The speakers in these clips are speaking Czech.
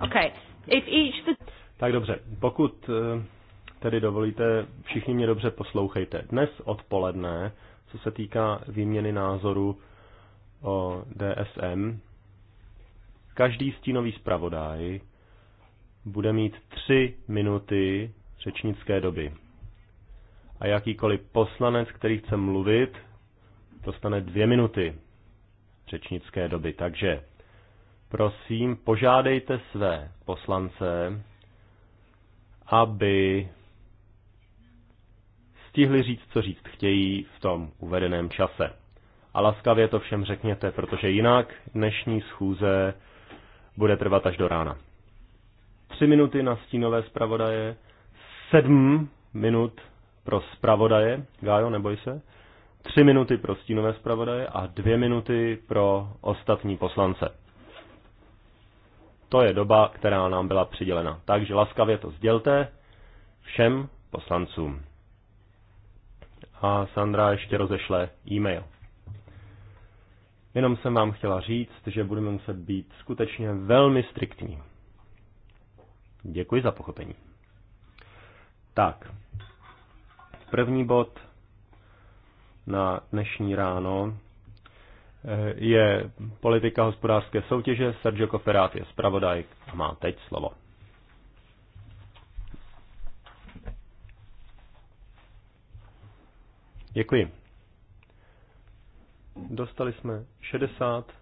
Okay. If each the... Tak dobře, pokud eh, tedy dovolíte, všichni mě dobře poslouchejte. Dnes odpoledne, co se týká výměny názoru o DSM, každý stínový zpravodaj bude mít tři minuty řečnické doby. A jakýkoliv poslanec, který chce mluvit, dostane dvě minuty řečnické doby. Takže prosím, požádejte své poslance, aby stihli říct, co říct chtějí v tom uvedeném čase. A laskavě to všem řekněte, protože jinak dnešní schůze bude trvat až do rána. Tři minuty na stínové zpravodaje, sedm minut pro zpravodaje, Gájo, neboj se, tři minuty pro stínové zpravodaje a dvě minuty pro ostatní poslance. To je doba, která nám byla přidělena. Takže laskavě to sdělte všem poslancům. A Sandra ještě rozešle e-mail. Jenom jsem vám chtěla říct, že budeme muset být skutečně velmi striktní. Děkuji za pochopení. Tak, první bod na dnešní ráno eh, je politika hospodářské soutěže. Sergio Koferát je zpravodaj a má teď slovo. Děkuji. Dostali jsme 60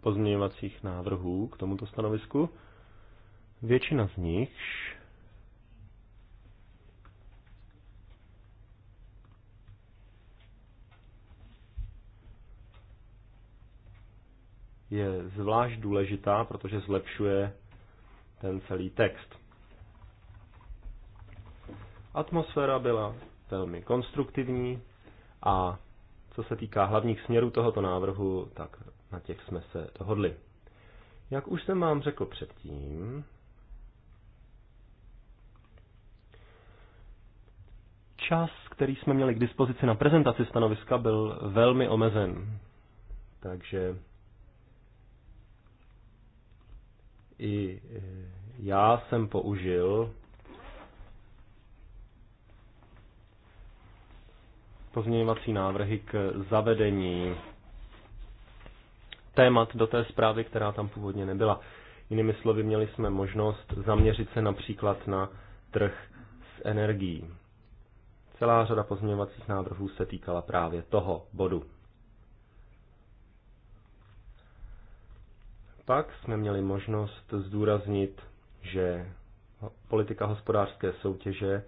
pozměňovacích návrhů k tomuto stanovisku. Většina z nich je zvlášť důležitá, protože zlepšuje ten celý text. Atmosféra byla velmi konstruktivní a co se týká hlavních směrů tohoto návrhu, tak na těch jsme se dohodli. Jak už jsem vám řekl předtím, čas, který jsme měli k dispozici na prezentaci stanoviska, byl velmi omezen. Takže I eh, já jsem použil pozměňovací návrhy k zavedení témat do té zprávy, která tam původně nebyla. Jinými slovy, měli jsme možnost zaměřit se například na trh s energií. Celá řada pozměňovacích návrhů se týkala právě toho bodu. Pak jsme měli možnost zdůraznit, že politika hospodářské soutěže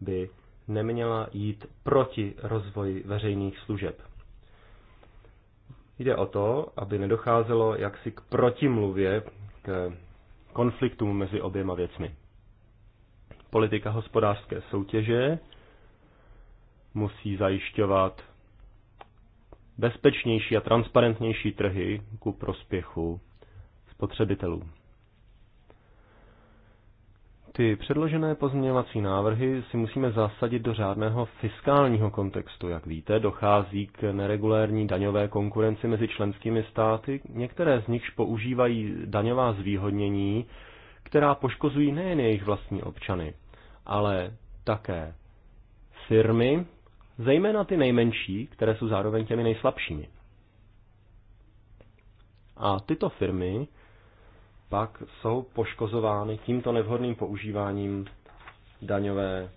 by neměla jít proti rozvoji veřejných služeb. Jde o to, aby nedocházelo jaksi k protimluvě, k konfliktům mezi oběma věcmi. Politika hospodářské soutěže musí zajišťovat bezpečnější a transparentnější trhy ku prospěchu spotřebitelů. Ty předložené pozměňovací návrhy si musíme zasadit do řádného fiskálního kontextu. Jak víte, dochází k neregulérní daňové konkurenci mezi členskými státy. Některé z nichž používají daňová zvýhodnění, která poškozují nejen jejich vlastní občany, ale také firmy, zejména ty nejmenší, které jsou zároveň těmi nejslabšími. A tyto firmy pak jsou poškozovány tímto nevhodným používáním daňové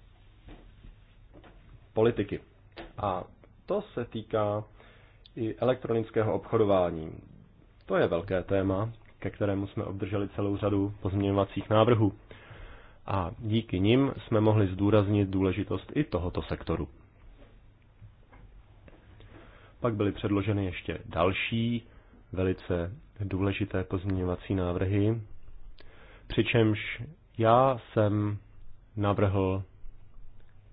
politiky. A to se týká i elektronického obchodování. To je velké téma, ke kterému jsme obdrželi celou řadu pozměňovacích návrhů. A díky nim jsme mohli zdůraznit důležitost i tohoto sektoru. Pak byly předloženy ještě další velice důležité pozměňovací návrhy, přičemž já jsem navrhl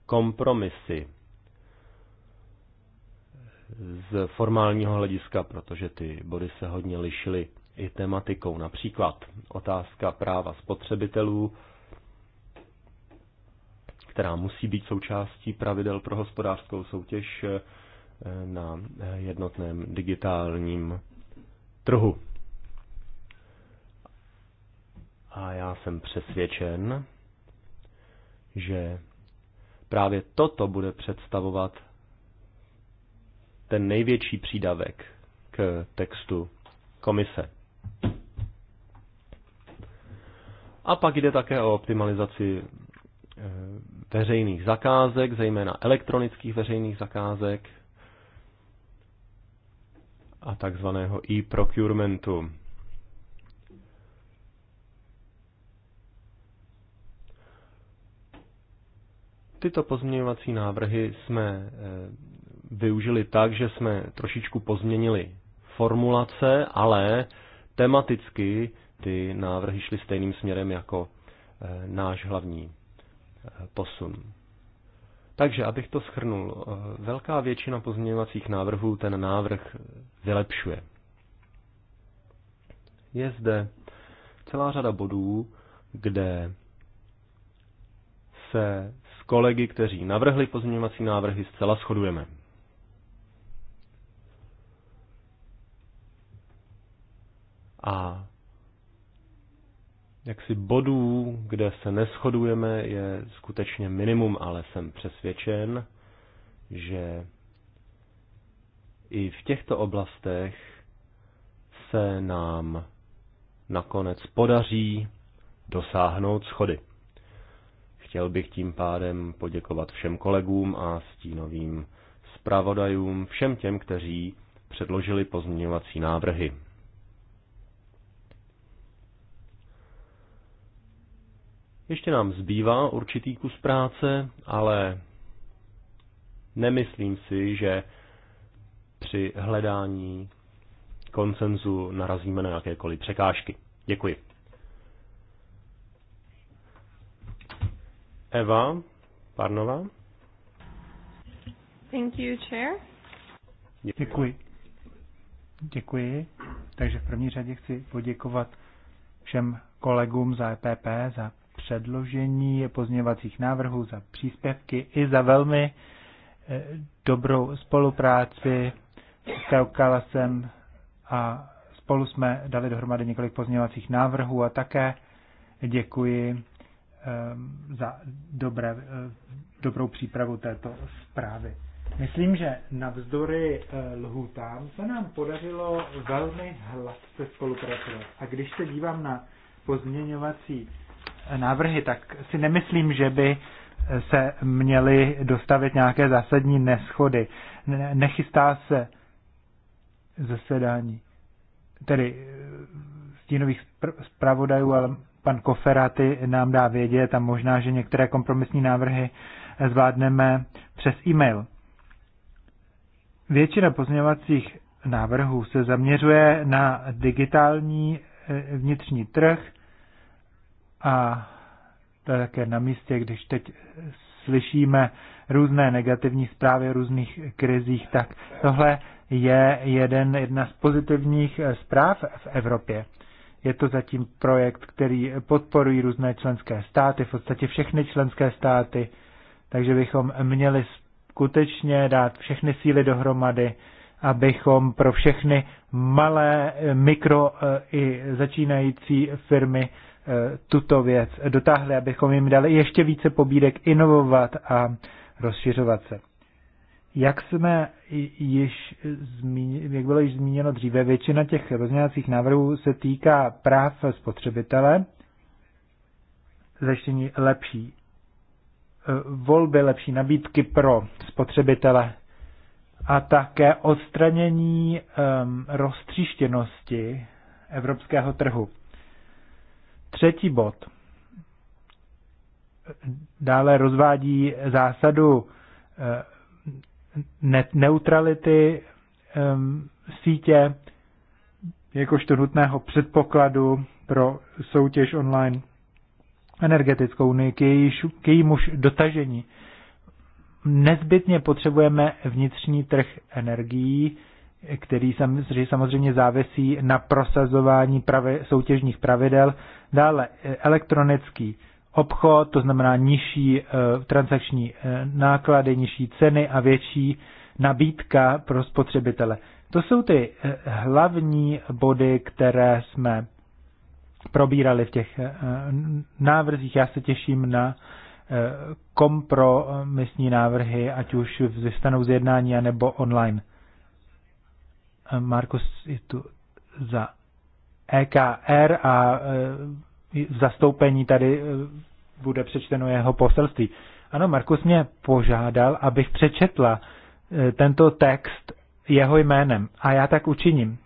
kompromisy z formálního hlediska, protože ty body se hodně lišily i tematikou. Například otázka práva spotřebitelů, která musí být součástí pravidel pro hospodářskou soutěž eh, na jednotném digitálním trhu. A já jsem přesvědčen, že právě toto bude představovat ten největší přídavek k textu komise. A pak jde také o optimalizaci eh, veřejných zakázek, zejména elektronických veřejných zakázek, a takzvaného e-procurementu. Tyto pozměňovací návrhy jsme eh, využili tak, že jsme trošičku pozměnili formulace, ale tematicky ty návrhy šly stejným směrem jako eh, náš hlavní eh, posun. Takže, abych to schrnul, eh, velká většina pozměňovacích návrhů ten návrh vylepšuje. Je zde celá řada bodů, kde se s kolegy, kteří navrhli pozměňovací návrhy, zcela shodujeme. A jaksi bodů, kde se neschodujeme, je skutečně minimum, ale jsem přesvědčen, že i v těchto oblastech se nám nakonec podaří dosáhnout schody. Chtěl bych tím pádem poděkovat všem kolegům a stínovým zpravodajům, všem těm, kteří předložili pozměňovací návrhy. Ještě nám zbývá určitý kus práce, ale nemyslím si, že při hledání konsenzu narazíme na jakékoliv překážky. Děkuji. Eva Parnova. Thank you, chair. Děkuji. Děkuji. Takže v první řadě chci poděkovat všem kolegům za EPP, za předložení pozměňovacích návrhů, za příspěvky i za velmi eh, dobrou spolupráci s Teo Kalasem a spolu jsme dali dohromady několik pozměňovacích návrhů a také děkuji eh, za dobré, eh, dobrou přípravu této zprávy. Myslím, že navzdory lhůtám se nám podařilo velmi hladce spolupracovat. A když se dívám na pozměňovací návrhy, tak si nemyslím, že by se měly dostavit nějaké zásadní neschody. Nechystá se zasedání tedy eh, stínových zpravodajů, ale pan Koferaty nám dá vědět a možná, že některé kompromisní návrhy eh, zvládneme přes e-mail. Většina pozměňovacích návrhů se zaměřuje na digitální eh, vnitřní trh a také na místě, když teď slyšíme různé negativní zprávy o různých krizích, tak tohle je jeden, jedna z pozitivních eh, zpráv v Evropě. Je to zatím projekt, který podporují různé členské státy, v podstatě všechny členské státy, takže bychom měli skutečně dát všechny síly dohromady, abychom pro všechny malé, eh, mikro eh, i začínající firmy Eh, tuto věc dotáhli, abychom jim dali ještě více pobídek inovovat a rozšiřovat se. Jak jsme již jak bylo již zmíněno dříve, většina těch pozměňovacích návrhů se týká práv spotřebitele, zajištění lepší eh, volby, lepší nabídky pro spotřebitele a také odstranění um, roztříštěnosti evropského trhu. Třetí bod. Dále rozvádí zásadu eh, neutrality ehm, sítě jakožto nutného předpokladu pro soutěž online energetickou unii, k, jejíž, k jejímuž dotažení. Nezbytně potřebujeme vnitřní trh energií, který samozřejmě závisí na prosazování pravi, soutěžních pravidel Dále eh, elektronický obchod, to znamená nižší eh, transakční eh, náklady, nižší ceny a větší nabídka pro spotřebitele. To jsou ty hlavní body, které jsme probírali v těch návrzích. Já se těším na kompromisní návrhy, ať už vystanou z jednání, anebo online. Markus je tu za EKR a e, v zastoupení tady e, bude přečteno jeho poselství. Ano, Markus mě požádal, abych přečetla e, tento text jeho jménem a já tak učiním.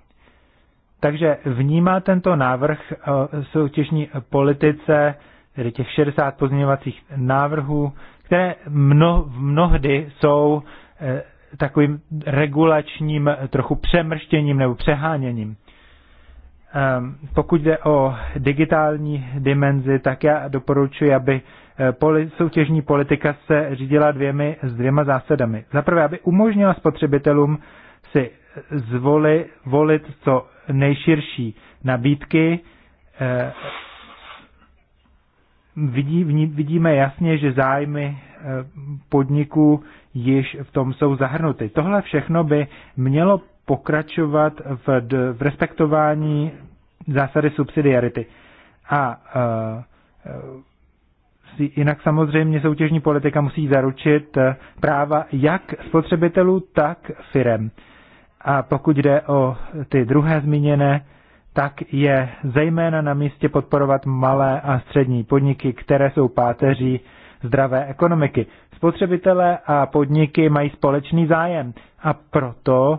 Takže vnímá tento návrh soutěžní politice, tedy těch 60 pozměňovacích návrhů, které mno, mnohdy jsou takovým regulačním trochu přemrštěním nebo přeháněním. Ehm, pokud jde o digitální dimenzi, tak já doporučuji, aby eh, soutěžní politika se řídila dvěmi, s dvěma zásadami. Za prvé, aby umožnila spotřebitelům si zvoli, volit co nejširší nabídky. Ehm, vidí, vidíme jasně, že zájmy eh, podniků již v tom jsou zahrnuty. Tohle všechno by mělo pokračovat v, v respektování zásady subsidiarity. A e, e, jinak samozřejmě soutěžní politika musí zaručit e, práva jak spotřebitelů, tak firem. A pokud jde o ty druhé zmíněné, tak je zejména na místě podporovat malé a střední podniky, které jsou páteří zdravé ekonomiky. Spotřebitelé a podniky mají společný zájem a proto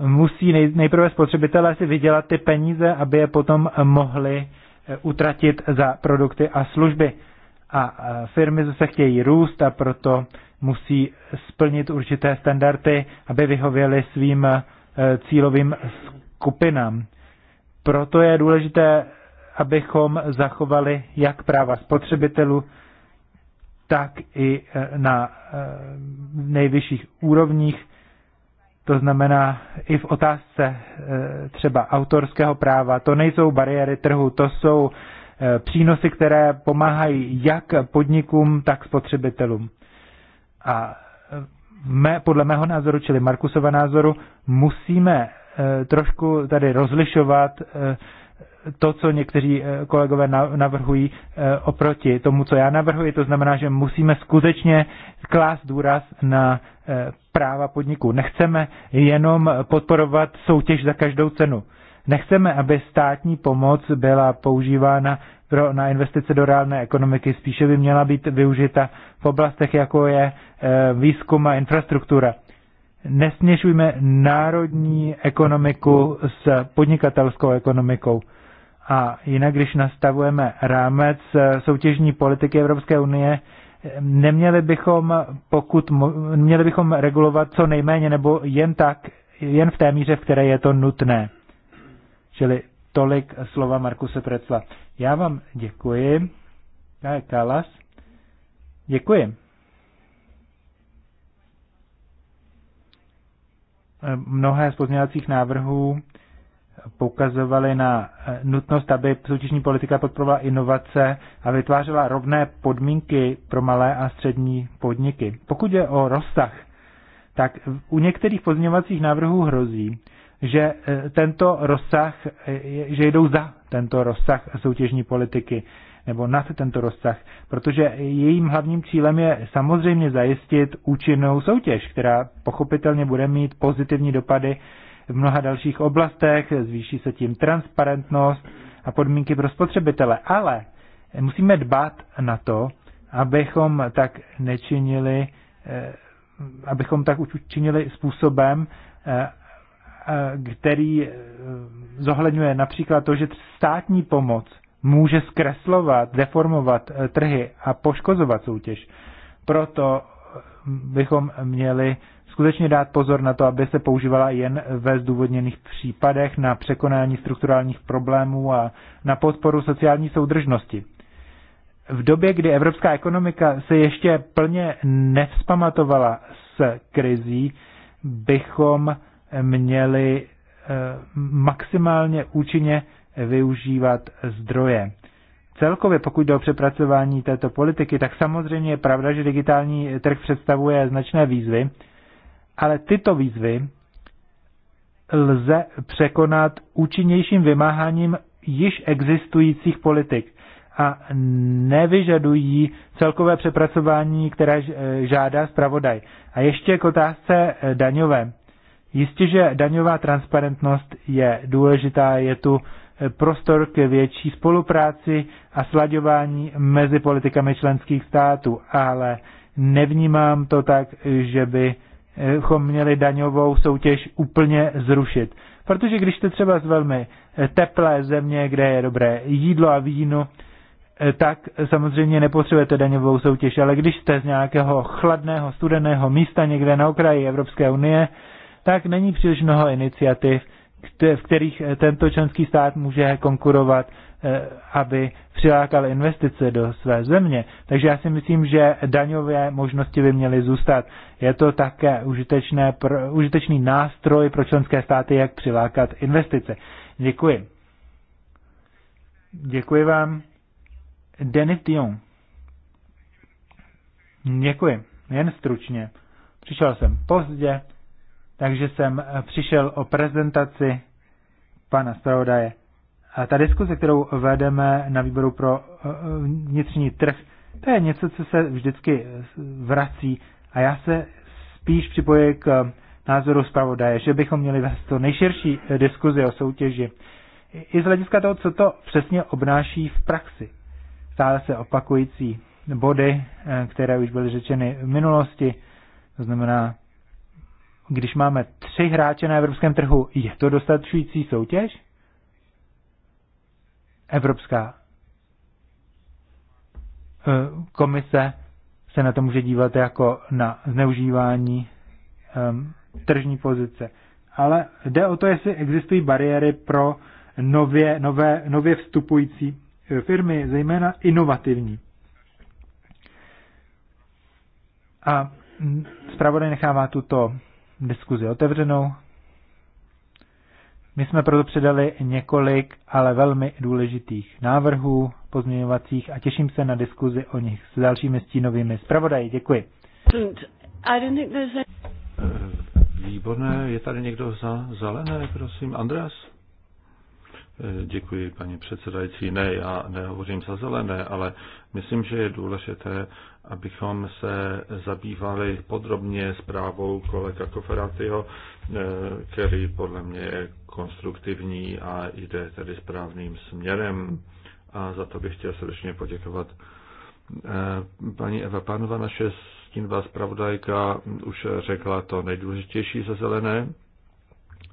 musí nejprve spotřebitelé si vydělat ty peníze, aby je potom mohli eh, utratit za produkty a služby. A eh, firmy zase chtějí růst a proto musí splnit určité standardy, aby vyhověly svým eh, cílovým skupinám. Proto je důležité, abychom zachovali jak práva spotřebitelů, tak i na nejvyšších úrovních to znamená, i v otázce e, třeba autorského práva, to nejsou bariéry trhu, to jsou e, přínosy, které pomáhají jak podnikům, tak spotřebitelům. A e, mé, podle mého názoru, čili Markusova názoru, musíme trošku tady rozlišovat to, co někteří kolegové navrhují oproti tomu, co já navrhuji. To znamená, že musíme skutečně klást důraz na práva podniků. Nechceme jenom podporovat soutěž za každou cenu. Nechceme, aby státní pomoc byla používána pro, na investice do reálné ekonomiky, spíše by měla být využita v oblastech, jako je e, výzkum a infrastruktura. Nesměšujme národní ekonomiku s podnikatelskou ekonomikou. A jinak, když nastavujeme rámec eh, soutěžní politiky Evropské unie, Neměli bychom, pokud, měli bychom regulovat co nejméně nebo jen tak, jen v té míře, v které je to nutné. Čili tolik slova Markuse Precla. Já vám děkuji. Já Kalas. Děkuji. Mnohé z pozměňovacích návrhů poukazovali na eh, nutnost, aby soutěžní politika podporovala inovace a vytvářela rovné podmínky pro malé a střední podniky. Pokud je o rozsah, tak u některých pozměňovacích návrhů hrozí, že eh, tento rozsah, eh, že jdou za tento rozsah soutěžní politiky nebo nad tento rozsah, protože jejím hlavním cílem je samozřejmě zajistit účinnou soutěž, která pochopitelně bude mít pozitivní dopady v mnoha dalších oblastech, zvýší se tím transparentnost a podmínky pro spotřebitele. Ale musíme dbát na to, abychom tak nečinili, eh, abychom tak učinili způsobem, eh, eh, který zohledňuje například to, že státní pomoc může zkreslovat, deformovat trhy a poškozovat soutěž. Proto bychom měli skutečně dát pozor na to, aby se používala jen ve zdůvodněných případech na překonání strukturálních problémů a na podporu sociální soudržnosti. V době, kdy evropská ekonomika se ještě plně nevzpamatovala s krizí, bychom měli eh, maximálně účinně využívat zdroje. Celkově, pokud jde o přepracování této politiky, tak samozřejmě je pravda, že digitální trh představuje značné výzvy, ale tyto výzvy lze překonat účinnějším vymáháním již existujících politik a nevyžadují celkové přepracování, které žádá zpravodaj. A ještě k otázce eh, daňové. Jistě, že daňová transparentnost je důležitá, je tu prostor k větší spolupráci a slaďování mezi politikami členských států, ale nevnímám to tak, že bychom měli daňovou soutěž úplně zrušit. Protože když jste třeba z velmi eh, teplé země, kde je dobré jídlo a víno, eh, tak samozřejmě nepotřebujete daňovou soutěž, ale když jste z nějakého chladného, studeného místa někde na okraji Evropské unie, tak není příliš mnoho iniciativ, v kterých eh, tento členský stát může konkurovat, eh, aby přilákal investice do své země. Takže já si myslím, že daňové možnosti by měly zůstat. Je to také užitečné, užitečný nástroj pro členské státy, jak přilákat investice. Děkuji. Děkuji vám. Denis Dion. Děkuji. Jen stručně. Přišel jsem pozdě, takže jsem eh, přišel o prezentaci pana Spravodaje. A ta diskuse, kterou vedeme na výboru pro eh, eh, vnitřní trh, to je něco, co se vždycky vrací a já se spíš připojím k názoru zpravodaje, že bychom měli vést to nejširší diskuzi o soutěži. I z hlediska toho, co to přesně obnáší v praxi. Stále se opakující body, které už byly řečeny v minulosti, to znamená když máme tři hráče na evropském trhu, je to dostačující soutěž? Evropská eh, komise se na to může dívat jako na zneužívání ehm, tržní pozice. Ale jde o to, jestli existují bariéry pro nově, nové, nově vstupující eh, firmy, zejména inovativní. A zpravodaj nechává tuto diskuzi otevřenou. My jsme proto předali několik, ale velmi důležitých návrhů pozměňovacích a těším se na diskuzi o nich s dalšími stínovými zpravodaji. Děkuji. Eh, Výborné, je tady někdo za zelené, prosím. Andreas? Děkuji, paní předsedající. Ne, já nehovořím za zelené, ale myslím, že je důležité, abychom se zabývali podrobně zprávou kolega Koferatyho, který podle mě je konstruktivní a jde tedy správným směrem. A za to bych chtěl srdečně poděkovat. Eh, paní Eva Panova, naše stínová zpravodajka, už řekla to nejdůležitější za zelené,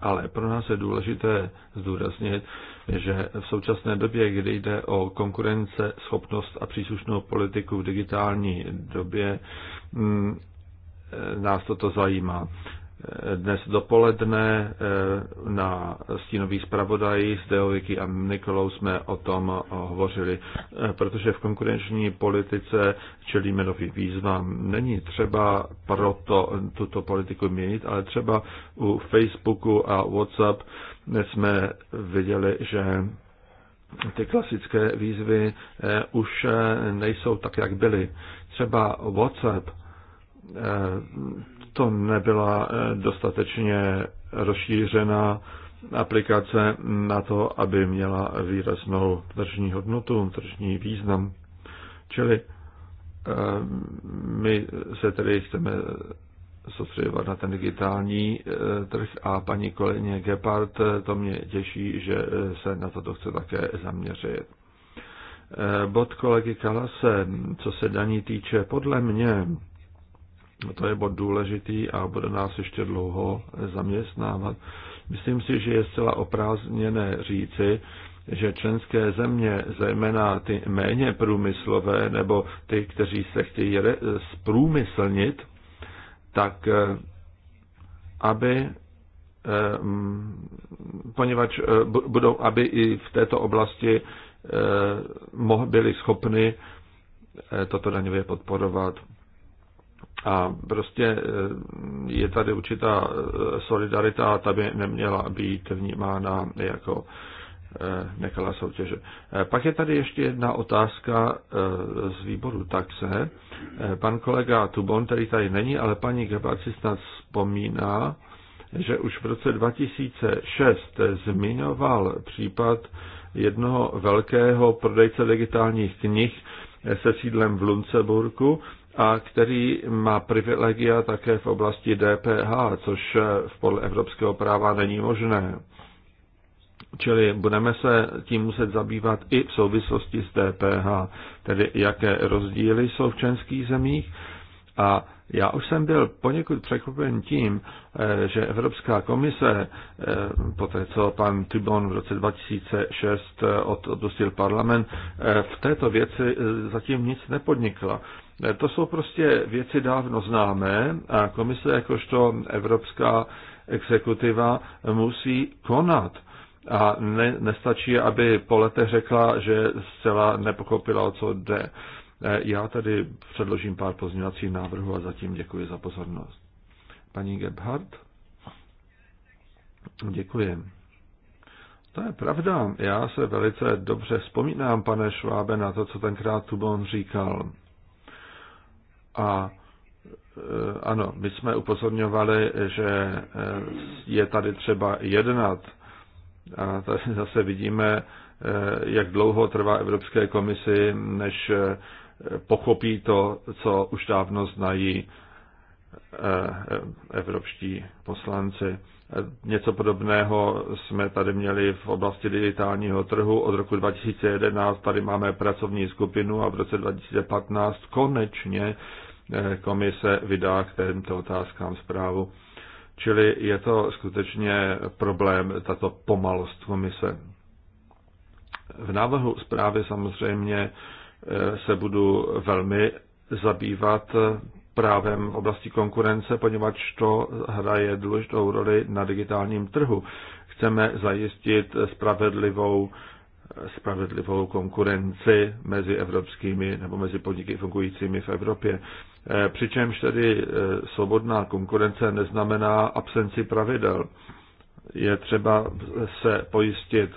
ale pro nás je důležité zdůraznit, že v současné době, kdy jde o konkurence, schopnost a příslušnou politiku v digitální době, mm, e, nás toto zajímá. E, dnes dopoledne e, na stínových zpravodají s Deoviky a Nikolou jsme o tom hovořili, protože v konkurenční politice čelíme novým výzvám. Není třeba proto tuto politiku měnit, ale třeba u Facebooku a WhatsApp jsme viděli, že ty klasické výzvy eh, už eh, nejsou tak, jak byly. Třeba WhatsApp, eh, to nebyla dostatečně rozšířená aplikace na to, aby měla výraznou tržní hodnotu, tržní význam. Čili my se tedy chceme soustředovat na ten digitální e, trh a paní kolegyně Gepard, e, to mě těší, že e, se na toto chce také zaměřit. Bod kolegy Kalase, co se daní týče, podle mě to je bod důležitý a bude nás ještě dlouho zaměstnávat. Myslím si, že je zcela oprázněné říci, že členské země, zejména ty méně průmyslové nebo ty, kteří se chtějí zprůmyslnit, tak eh, aby eh, poněvadž eh, budou, aby i v této oblasti byli schopni toto daňově podporovat. A prostě je tady určitá solidarita ta by neměla být vnímána jako Eh, nekalá soutěže. Eh, pak je tady ještě jedna otázka eh, z výboru taxe. Pan kolega Tubon, který tady není, ale paní snad vzpomíná, že už v roce 2006 zmiňoval případ jednoho velkého prodejce digitálních knih se sídlem v Lunceburku, a který má privilegia také v oblasti DPH, což podle evropského práva není možné. Čili budeme se tím muset zabývat i v souvislosti s DPH, tedy jaké rozdíly jsou v členských zemích. A já už jsem byl poněkud překvapen tím, eh, že Evropská komise, eh, po té, co pan Tribon v roce 2006 eh, odpustil parlament, v této věci zatím nic nepodnikla. To jsou prostě věci dávno známé a komise jakožto Evropská exekutiva musí konat a ne, nestačí, aby po letech řekla, že zcela nepochopila, o co jde. E, já tady předložím pár pozměňovacích návrhů a zatím děkuji za pozornost. Paní Gebhardt? Děkuji. To je pravda. Já se velice dobře vzpomínám, pane Švábe, na to, co tenkrát Tubon říkal. A e, ano, my jsme upozorňovali, že e, je tady třeba jednat a tady zase vidíme, eh, jak dlouho trvá Evropské komisi, než eh, pochopí to, co už dávno znají eh, evropští poslanci. Něco podobného jsme tady měli v oblasti digitálního trhu. Od roku 2011 tady máme pracovní skupinu a v roce 2015 konečně komise vydá k těmto otázkám zprávu. Čili je to skutečně problém, tato pomalost komise. V návrhu zprávy samozřejmě eh, se budu velmi zabývat eh, právem v oblasti konkurence, poněvadž to hraje důležitou roli na digitálním trhu. Chceme zajistit spravedlivou spravedlivou konkurenci mezi evropskými nebo mezi podniky fungujícími v Evropě. E, přičemž tedy e, svobodná konkurence neznamená absenci pravidel. Je třeba se pojistit,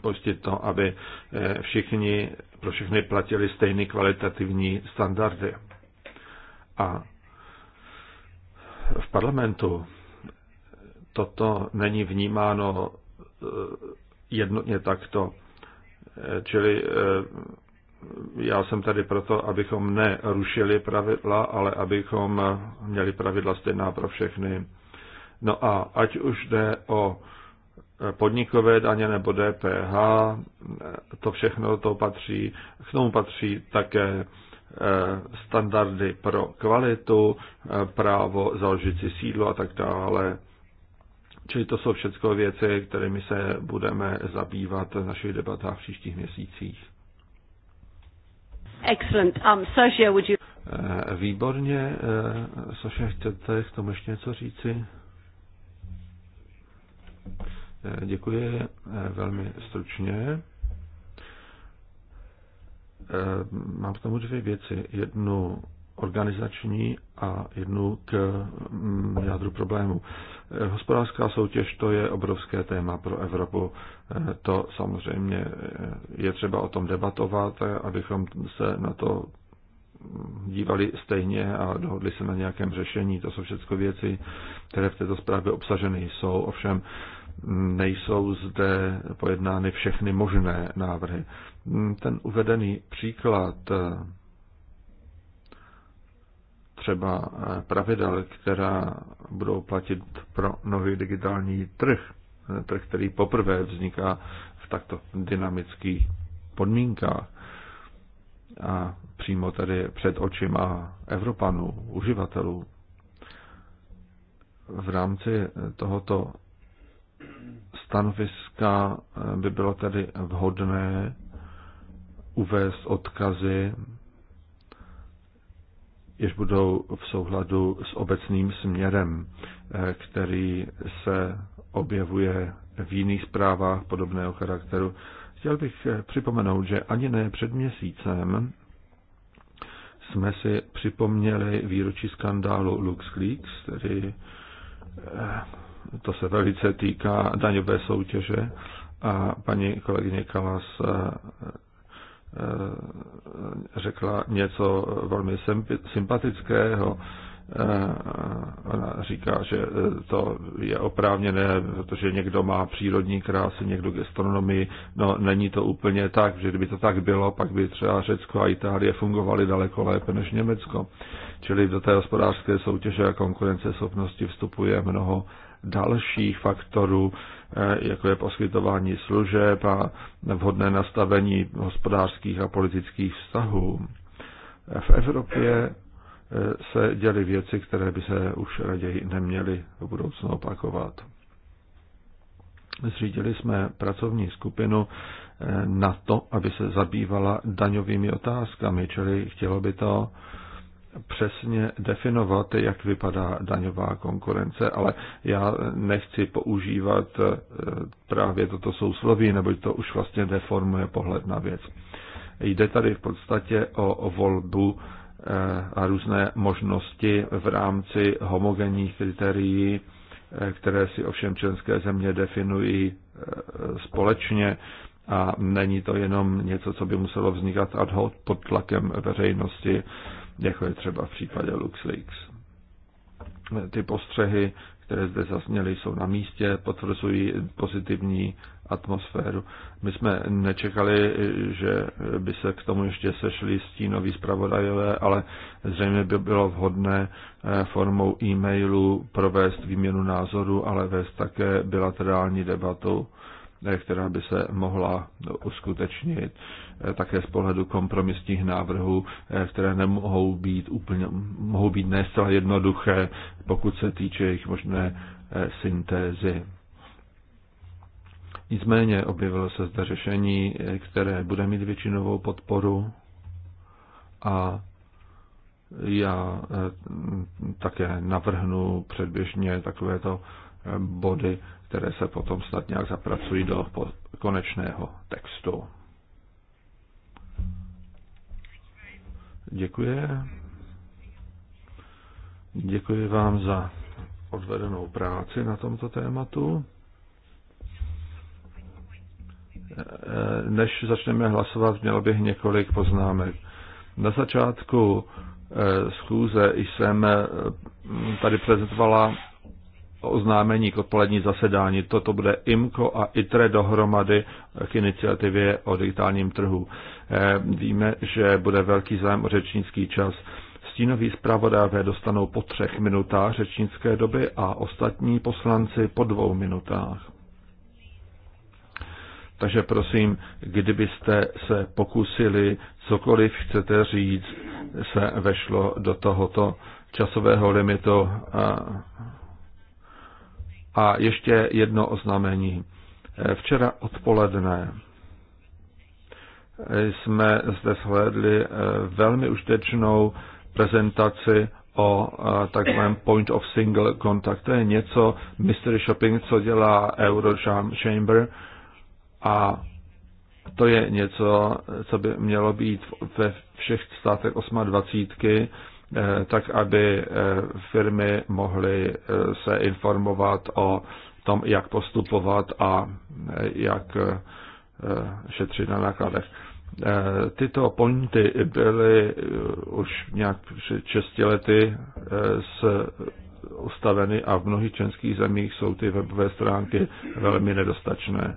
pojistit to, aby e, všichni, pro všechny platili stejné kvalitativní standardy. A v parlamentu toto není vnímáno jednotně takto. Eh, čili eh, já jsem tady proto, abychom nerušili pravidla, ale abychom měli pravidla stejná pro všechny. No a ať už jde o eh, podnikové daně nebo DPH, to všechno to patří, k tomu patří také standardy pro kvalitu, právo založit si sídlo a tak dále. Čili to jsou všechno věci, kterými se budeme zabývat v našich debatách v příštích měsících. Excellent. Um, Sergio, would you... Eh, výborně. Eh, Soše, chcete k tomu ještě něco říci? Eh, děkuji velmi stručně. Mám k tomu dvě věci. Jednu organizační a jednu k mm, jádru problému. Eh, hospodářská soutěž to je obrovské téma pro Evropu. Eh, to samozřejmě eh, je třeba o tom debatovat, abychom se na to dívali stejně a dohodli se na nějakém řešení. To jsou všechno věci, které v této zprávě obsaženy jsou. Ovšem nejsou zde pojednány všechny možné návrhy. Ten uvedený příklad třeba eh, pravidel, která budou platit pro nový digitální trh, eh, trh, který poprvé vzniká v takto dynamických podmínkách a přímo tady před očima Evropanů, uživatelů. V rámci eh, tohoto stanoviska by bylo tedy vhodné uvést odkazy jež budou v souhladu s obecným směrem, eh, který se objevuje v jiných zprávách podobného charakteru. Chtěl bych eh, připomenout, že ani ne před měsícem jsme si připomněli výročí skandálu LuxLeaks, tedy eh, to se velice týká daňové soutěže a paní kolegyně Kalas Eh, řekla něco velmi sympatického. Eh, ona říká, že eh, to je oprávněné, protože někdo má přírodní krásy, někdo gastronomii. No, není to úplně tak, že kdyby to tak bylo, pak by třeba Řecko a Itálie fungovaly daleko lépe než Německo. Čili do té hospodářské soutěže a konkurenceschopnosti vstupuje mnoho dalších faktorů, eh, jako je poskytování služeb a vhodné nastavení hospodářských a politických vztahů. V Evropě eh, se děly věci, které by se už raději neměly v budoucnu opakovat. Zřídili jsme pracovní skupinu eh, na to, aby se zabývala daňovými otázkami, čili chtělo by to přesně definovat, jak vypadá daňová konkurence, ale já nechci používat eh, právě toto sousloví, neboť to už vlastně deformuje pohled na věc. Jde tady v podstatě o volbu eh, a různé možnosti v rámci homogenních kritérií, eh, které si ovšem členské země definují společně a není to jenom něco, co by muselo vznikat ad hoc pod tlakem veřejnosti jako je třeba v případě LuxLeaks. Ty postřehy, které zde zazněly, jsou na místě, potvrzují pozitivní atmosféru. My jsme nečekali, že by se k tomu ještě sešli stínoví zpravodajové, ale zřejmě by bylo vhodné eh, formou e-mailu provést výměnu názoru, ale vést také bilaterální debatu Eh, která by se mohla uskutečnit eh, také z pohledu kompromisních návrhů, eh, které nemohou být úplně, mohou být ne jednoduché, pokud se týče jejich možné syntézy. Nicméně objevilo se zde řešení, které bude mít většinovou podporu a já také navrhnu předběžně takovéto body, které se potom snad nějak zapracují do konečného textu. Děkuji. Děkuji vám za odvedenou práci na tomto tématu. Než začneme hlasovat, měl bych několik poznámek. Na začátku eh, schůze jsem eh, tady prezentovala oznámení k odpolední zasedání. Toto bude IMCO a ITRE dohromady k iniciativě o digitálním trhu. Eh, víme, že bude velký zájem o řečnický čas. Stínoví zpravodávé dostanou po třech minutách řečnické doby a ostatní poslanci po dvou minutách. Takže prosím, kdybyste se pokusili cokoliv chcete říct, se vešlo do tohoto časového limitu a a ještě jedno oznámení. Včera odpoledne jsme zde shledli eh, velmi užitečnou prezentaci o eh, takzvaném point of single contact. To je něco, mystery shopping, co dělá Eurochamber a to je něco, co by mělo být ve všech státech 28 Eh, tak aby eh, firmy mohly eh, se informovat o tom, jak postupovat a jak šetřit na nákladech. Tyto pointy byly už nějak před 6 lety s ustaveny a v mnohých členských zemích jsou ty webové stránky velmi nedostačné.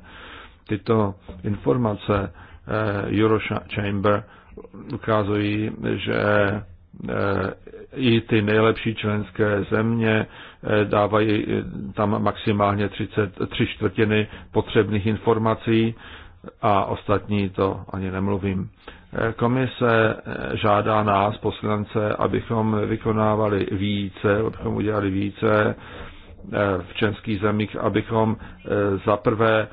Tyto informace Euro Chamber ukazují, že Eh, i ty nejlepší členské země eh, dávají eh, tam maximálně 30, tři čtvrtiny potřebných informací a ostatní to ani nemluvím. Komise žádá nás, poslance, abychom vykonávali více, abychom udělali více v členských zemích, abychom zaprvé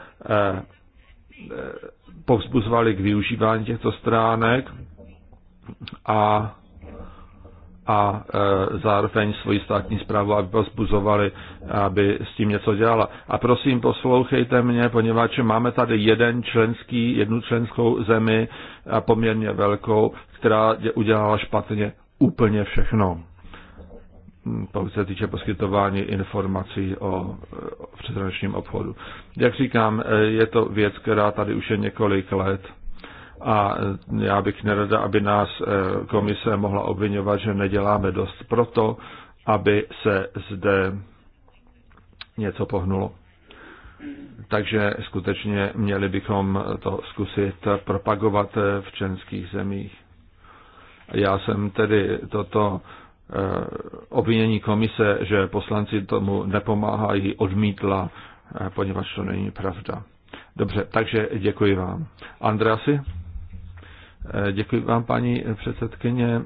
povzbuzovali k využívání těchto stránek a a e, zároveň svoji státní zprávu, aby pozbuzovali, aby s tím něco dělala. A prosím, poslouchejte mě, poněvadž máme tady jeden členský, jednu členskou zemi a poměrně velkou, která udělala špatně úplně všechno. Hm, pokud se týče poskytování informací o, o přeshraničním obchodu. Jak říkám, e, je to věc, která tady už je několik let a e, já bych nerada, aby nás e, komise mohla obvinovat, že neděláme dost proto, aby se zde něco pohnulo. Takže skutečně měli bychom to zkusit propagovat e, v členských zemích. Já jsem tedy toto obvinění komise, že poslanci tomu nepomáhají, odmítla, poněvadž to není pravda. Dobře, takže děkuji vám. Andreasi? Eh, děkuji vám, paní předsedkyně.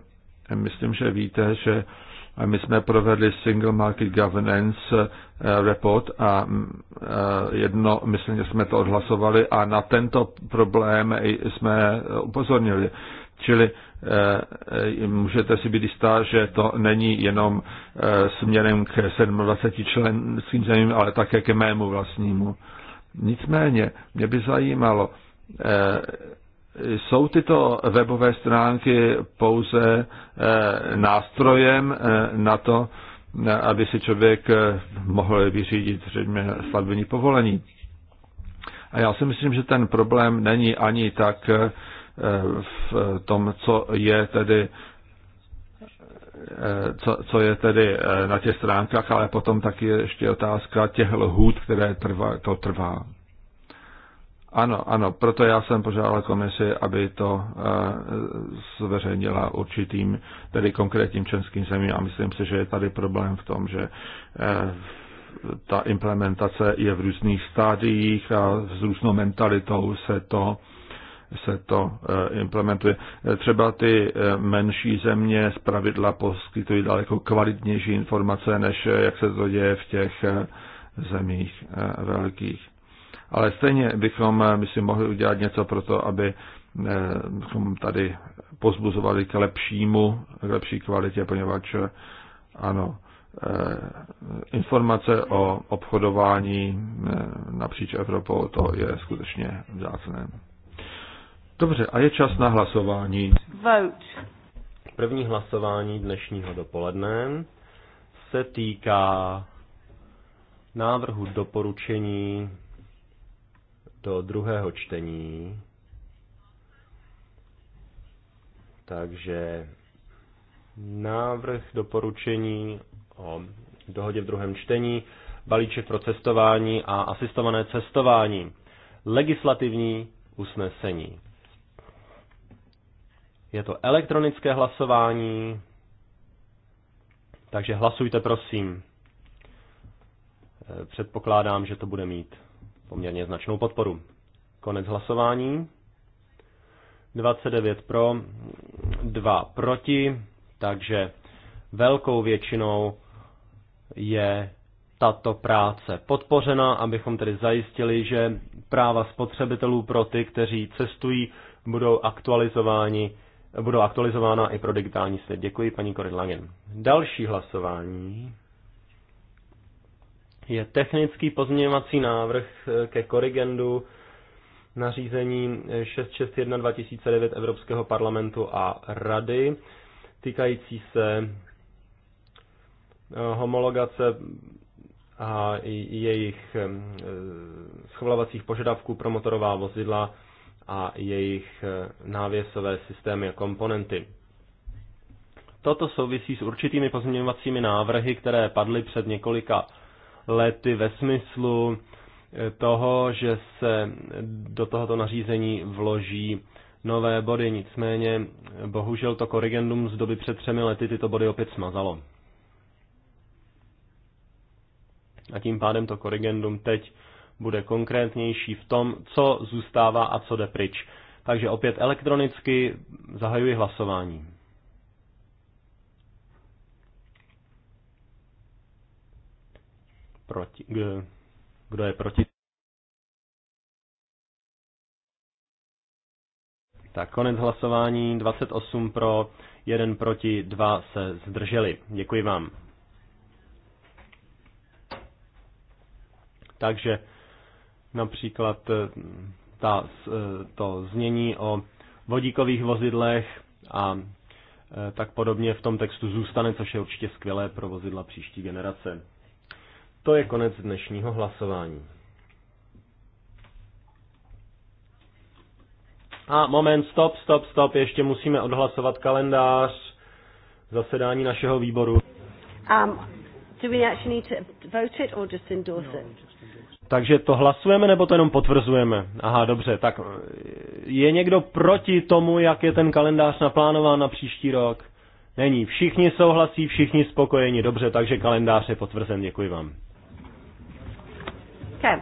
Myslím, že víte, že my jsme provedli Single Market Governance eh, report a mm, eh, jedno, myslím, že jsme to odhlasovali a na tento problém jsme upozornili. Čili můžete si být jistá, že to není jenom směrem k 27 členským zemím, ale také ke mému vlastnímu. Nicméně, mě by zajímalo, jsou tyto webové stránky pouze eh, nástrojem eh, na to, aby si člověk eh, mohl vyřídit řekněme, stavební povolení. A já si myslím, že ten problém není ani tak v tom, co je tedy co, co je tedy na těch stránkách, ale potom taky ještě otázka těch lhůt, které trvá, to trvá. Ano, ano, proto já jsem požádal komisi, aby to eh, zveřejnila určitým, tedy konkrétním členským zemím a myslím si, že je tady problém v tom, že eh, ta implementace je v různých stádiích a s různou mentalitou se to se to eh, implementuje. Třeba ty menší země z pravidla poskytují daleko kvalitnější informace, než jak se to děje v těch zemích velkých. Ale stejně bychom, eh, myslím, mohli udělat něco pro to, aby eh, bychom tady pozbuzovali k lepšímu, k lepší kvalitě, poněvadž eh, ano, informace o obchodování napříč Evropou, to je skutečně vzácné. Dobře, a je čas na hlasování. Vote. První hlasování dnešního dopoledne se týká návrhu doporučení do druhého čtení. Takže návrh doporučení o dohodě v druhém čtení, balíček pro cestování a asistované cestování, legislativní usnesení. Je to elektronické hlasování, takže hlasujte prosím. Předpokládám, že to bude mít poměrně značnou podporu. Konec hlasování. 29 pro, 2 proti, takže velkou většinou je tato práce podpořena, abychom tedy zajistili, že práva spotřebitelů pro ty, kteří cestují, budou aktualizováni budou aktualizována i pro digitální svět. Děkuji, paní Koridlagen. Další hlasování je technický pozměňovací návrh eh, ke korigendu nařízení 661 eh, 2009 Evropského parlamentu a Rady týkající se eh, homologace a jejich schovalovacích požadavků pro motorová vozidla a jejich návěsové systémy a komponenty. Toto souvisí s určitými pozměňovacími návrhy, které padly před několika lety ve smyslu eh, toho, že se do tohoto nařízení vloží nové body. Nicméně, eh, bohužel to korrigendum z doby před třemi lety tyto body opět smazalo. A tím pádem to korrigendum teď bude konkrétnější v tom, co zůstává a co jde pryč. Takže opět elektronicky zahajuji hlasování. proti, kdo je proti. Tak konec hlasování, 28 pro, 1 proti, 2 se zdrželi. Děkuji vám. Takže například eh, ta, eh, to znění o vodíkových vozidlech a eh, tak podobně v tom textu zůstane, což je určitě skvělé pro vozidla příští generace. To je konec dnešního hlasování. A moment, stop, stop, stop, ještě musíme odhlasovat kalendář zasedání našeho výboru. Um, do we actually need to vote it or just endorse it? Takže to hlasujeme nebo to jenom potvrzujeme? Aha, dobře, tak je někdo proti tomu, jak je ten kalendář naplánován na příští rok? Není. Všichni souhlasí, všichni spokojeni. Dobře, takže kalendář je potvrzen. Děkuji vám. Okay.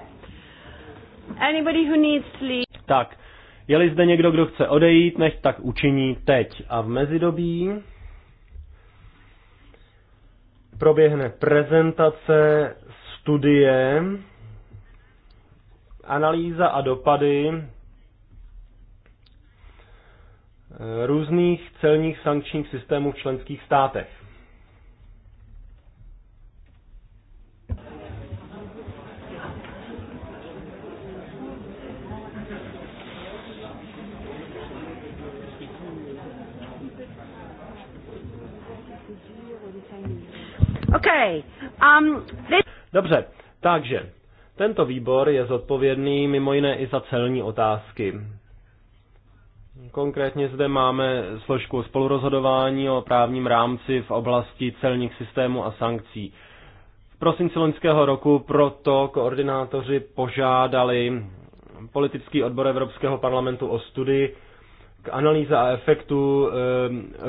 Anybody who needs to leave. Tak, je-li zde někdo, kdo chce odejít, nech tak učiní teď. A v mezidobí proběhne prezentace studie, analýza a dopady eh, různých celních sankčních systémů v členských státech. Okay. Um, this... Dobře, takže tento výbor je zodpovědný mimo jiné i za celní otázky. Konkrétně zde máme složku spolurozhodování o právním rámci v oblasti celních systémů a sankcí. V prosinci loňského roku proto koordinátoři požádali politický odbor Evropského parlamentu o studii k analýze a efektu e,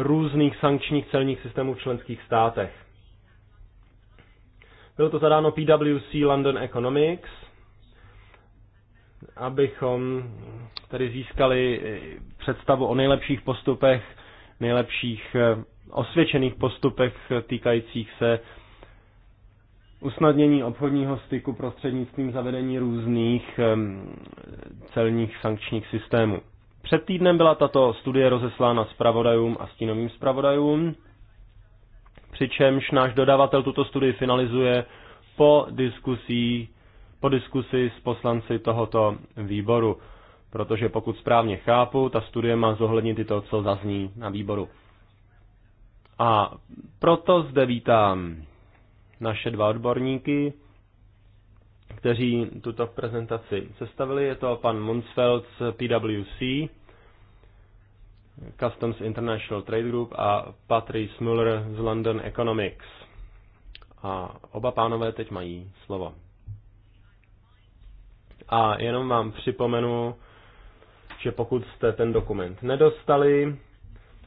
různých sankčních celních systémů v členských státech. Bylo to zadáno PwC London Economics, abychom tedy získali představu o nejlepších postupech, nejlepších eh, osvědčených postupech týkajících se usnadnění obchodního styku prostřednictvím zavedení různých celních sankčních systémů. Před týdnem byla tato studie rozeslána zpravodajům a stínovým zpravodajům přičemž náš dodavatel tuto studii finalizuje po, diskusí, po diskusi s poslanci tohoto výboru. Protože pokud správně chápu, ta studie má zohlednit i to, co zazní na výboru. A proto zde vítám naše dva odborníky, kteří tuto prezentaci sestavili. Je to pan Munsfeld z PwC Customs International Trade Group a Patrice Muller z London Economics. A oba pánové teď mají slovo. A jenom vám připomenu, že pokud jste ten dokument nedostali,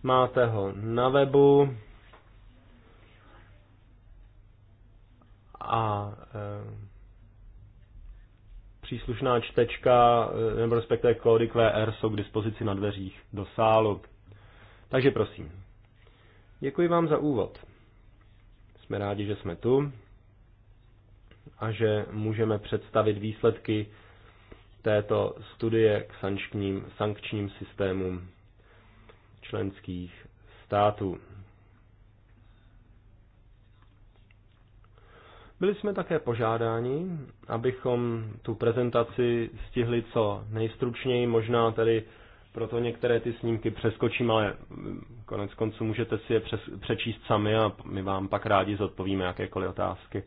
máte ho na webu a e, příslušná čtečka eh, nebo respektive kódy QR jsou k dispozici na dveřích do sálu. Takže prosím. Děkuji vám za úvod. Jsme rádi, že jsme tu a že můžeme představit výsledky této studie k sankčním, sankčním systémům členských států. Byli jsme také požádáni, abychom tu prezentaci stihli co nejstručněji, možná tedy proto některé ty snímky přeskočím, ale mm, konec konců můžete si je přes, přečíst sami a my vám pak rádi zodpovíme jakékoliv otázky.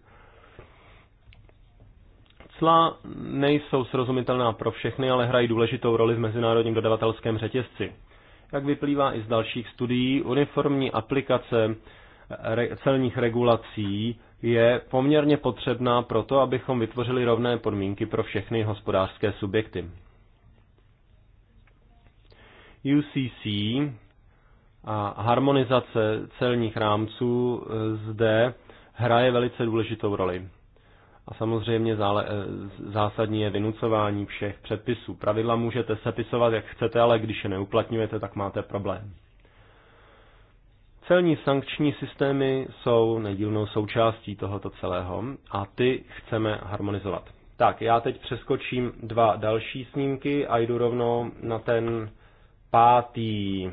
Cla nejsou srozumitelná pro všechny, ale hrají důležitou roli v mezinárodním dodavatelském řetězci. Jak vyplývá i z dalších studií, uniformní aplikace celních regulací je poměrně potřebná proto, abychom vytvořili rovné podmínky pro všechny hospodářské subjekty. UCC a harmonizace celních rámců eh, zde hraje velice důležitou roli. A samozřejmě eh, zásadní je vynucování všech předpisů. Pravidla můžete sepisovat, jak chcete, ale když je neuplatňujete, tak máte problém. Celní sankční systémy jsou nedílnou součástí tohoto celého a ty chceme harmonizovat. Tak, já teď přeskočím dva další snímky a jdu rovnou na ten pátý.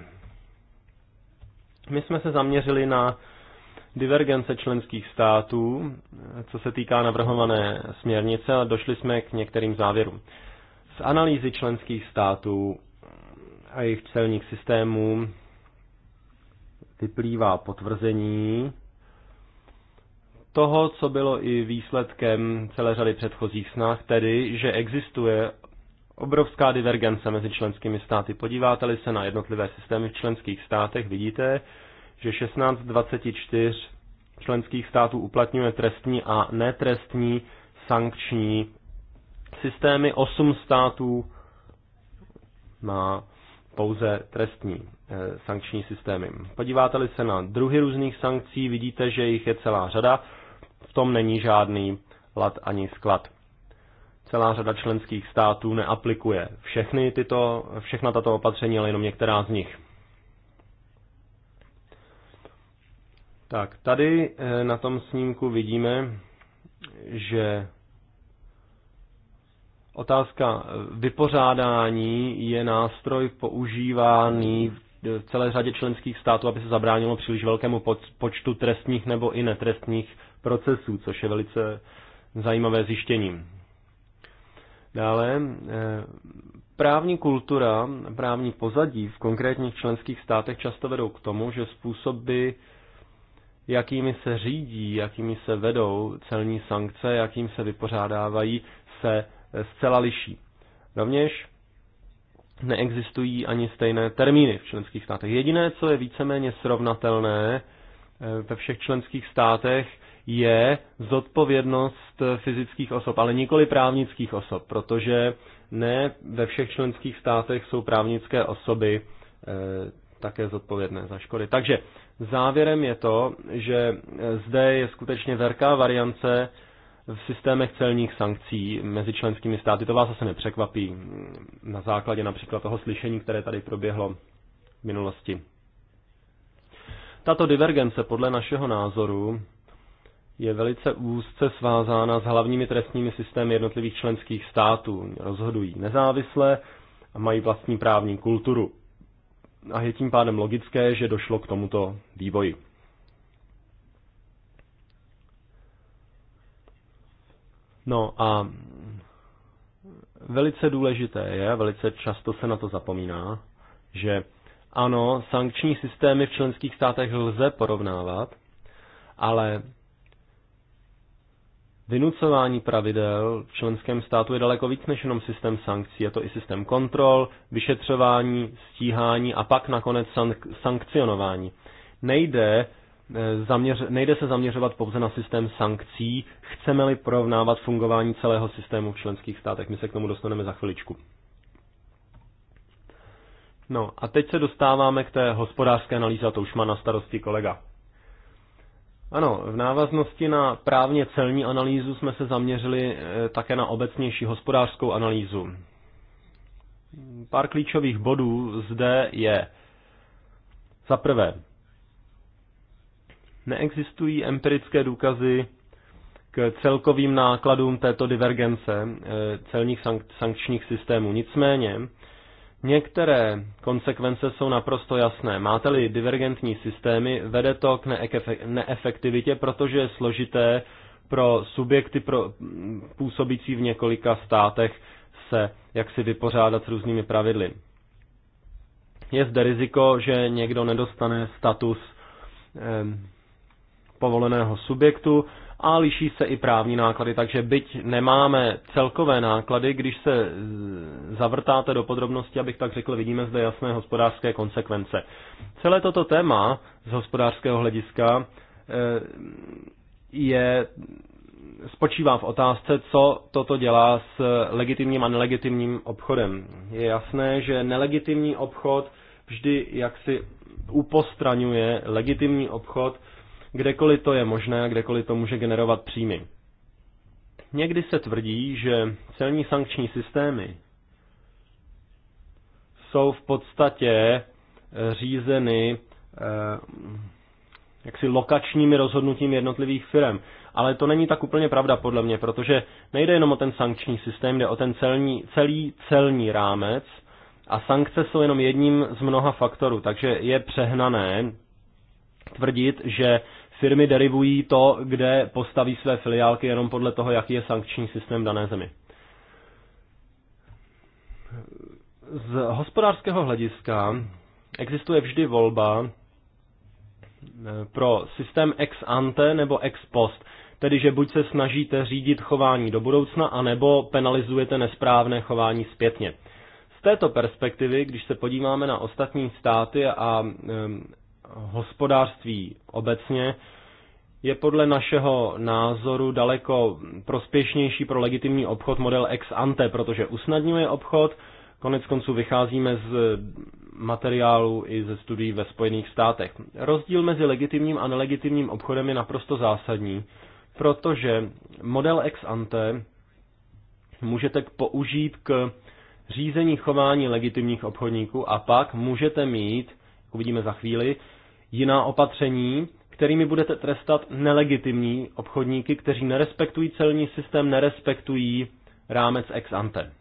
My jsme se zaměřili na divergence členských států, co se týká navrhované směrnice a došli jsme k některým závěrům. Z analýzy členských států a jejich celních systémů vyplývá potvrzení toho, co bylo i výsledkem celé řady předchozích snah, tedy, že existuje obrovská divergence mezi členskými státy. Podíváte-li se na jednotlivé systémy v členských státech, vidíte, že 16 24 členských států uplatňuje trestní a netrestní sankční systémy. 8 států má pouze trestní eh, sankční systémy. Podíváte-li se na druhy různých sankcí, vidíte, že jich je celá řada. V tom není žádný lat ani sklad. Celá řada členských států neaplikuje všechny tyto, všechna tato opatření, ale jenom některá z nich. Tak, tady eh, na tom snímku vidíme, že Otázka vypořádání je nástroj používaný v celé řadě členských států, aby se zabránilo příliš velkému počtu trestních nebo i netrestních procesů, což je velice zajímavé zjištění. Dále, eh, právní kultura, právní pozadí v konkrétních členských státech často vedou k tomu, že způsoby, jakými se řídí, jakými se vedou celní sankce, jakým se vypořádávají, se zcela liší. Rovněž neexistují ani stejné termíny v členských státech. Jediné, co je víceméně srovnatelné eh, ve všech členských státech, je zodpovědnost fyzických osob, ale nikoli právnických osob, protože ne ve všech členských státech jsou právnické osoby eh, také zodpovědné za škody. Takže závěrem je to, že eh, zde je skutečně velká variance v systémech celních sankcí mezi členskými státy. To vás zase nepřekvapí na základě například toho slyšení, které tady proběhlo v minulosti. Tato divergence podle našeho názoru je velice úzce svázána s hlavními trestními systémy jednotlivých členských států. Rozhodují nezávisle a mají vlastní právní kulturu. A je tím pádem logické, že došlo k tomuto vývoji. No a velice důležité je, velice často se na to zapomíná, že ano, sankční systémy v členských státech lze porovnávat, ale vynucování pravidel v členském státu je daleko víc než jenom systém sankcí. Je to i systém kontrol, vyšetřování, stíhání a pak nakonec sank- sankcionování. Nejde E, zaměř, nejde se zaměřovat pouze na systém sankcí, chceme-li porovnávat fungování celého systému v členských státech. My se k tomu dostaneme za chviličku. No a teď se dostáváme k té hospodářské analýze, a to už má na starosti kolega. Ano, v návaznosti na právně celní analýzu jsme se zaměřili e, také na obecnější hospodářskou analýzu. Pár klíčových bodů zde je za prvé Neexistují empirické důkazy k celkovým nákladům této divergence eh, celních sankčních systémů. Nicméně, Některé konsekvence jsou naprosto jasné. Máte-li divergentní systémy, vede to k neefektivitě, protože je složité pro subjekty pro mm, působící v několika státech se jak si vypořádat s různými pravidly. Je zde riziko, že někdo nedostane status povoleného subjektu a liší se i právní náklady, takže byť nemáme celkové náklady, když se zavrtáte do podrobnosti, abych tak řekl, vidíme zde jasné hospodářské konsekvence. Celé toto téma z hospodářského hlediska eh, je spočívá v otázce, co toto dělá s legitimním a nelegitimním obchodem. Je jasné, že nelegitimní obchod vždy jaksi upostraňuje legitimní obchod kdekoliv to je možné a kdekoliv to může generovat příjmy. Někdy se tvrdí, že celní sankční systémy jsou v podstatě eh, řízeny eh, jaksi lokačními rozhodnutími jednotlivých firm. Ale to není tak úplně pravda podle mě, protože nejde jenom o ten sankční systém, jde o ten celní, celý celní rámec a sankce jsou jenom jedním z mnoha faktorů, takže je přehnané tvrdit, že Firmy derivují to, kde postaví své filiálky jenom podle toho, jaký je sankční systém v dané zemi. Z hospodářského hlediska existuje vždy volba eh, pro systém ex ante nebo ex post, tedy že buď se snažíte řídit chování do budoucna, anebo penalizujete nesprávné chování zpětně. Z této perspektivy, když se podíváme na ostatní státy a eh, hospodářství obecně, je podle našeho názoru daleko prospěšnější pro legitimní obchod model ex ante, protože usnadňuje obchod. Konec konců vycházíme z materiálu i ze studií ve Spojených státech. Rozdíl mezi legitimním a nelegitimním obchodem je naprosto zásadní, protože model ex ante můžete použít k řízení chování legitimních obchodníků a pak můžete mít, jak uvidíme za chvíli, jiná opatření, kterými budete trestat nelegitimní obchodníky, kteří nerespektují celní systém, nerespektují rámec ex ante.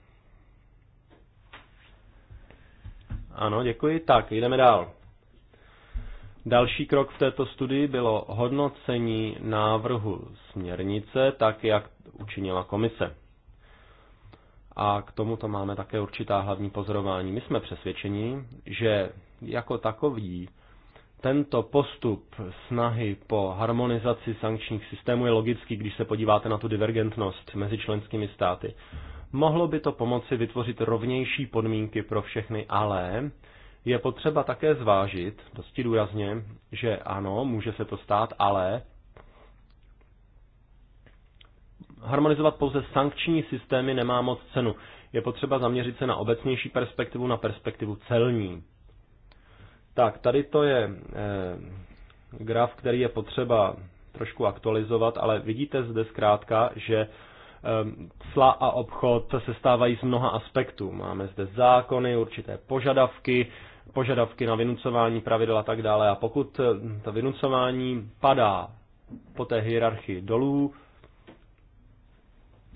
Ano, děkuji. Tak, jdeme dál. Další krok v této studii bylo hodnocení návrhu směrnice, tak jak učinila komise. A k tomuto máme také určitá hlavní pozorování. My jsme přesvědčeni, že jako takový tento postup snahy po harmonizaci sankčních systémů je logický, když se podíváte na tu divergentnost mezi členskými státy. Mohlo by to pomoci vytvořit rovnější podmínky pro všechny, ale je potřeba také zvážit, dosti důrazně, že ano, může se to stát, ale harmonizovat pouze sankční systémy nemá moc cenu. Je potřeba zaměřit se na obecnější perspektivu, na perspektivu celní. Tak, tady to je eh, graf, který je potřeba trošku aktualizovat, ale vidíte zde zkrátka, že eh, cla a obchod se stávají z mnoha aspektů. Máme zde zákony, určité požadavky, požadavky na vynucování pravidel a tak dále. A pokud eh, to vynucování padá po té hierarchii dolů,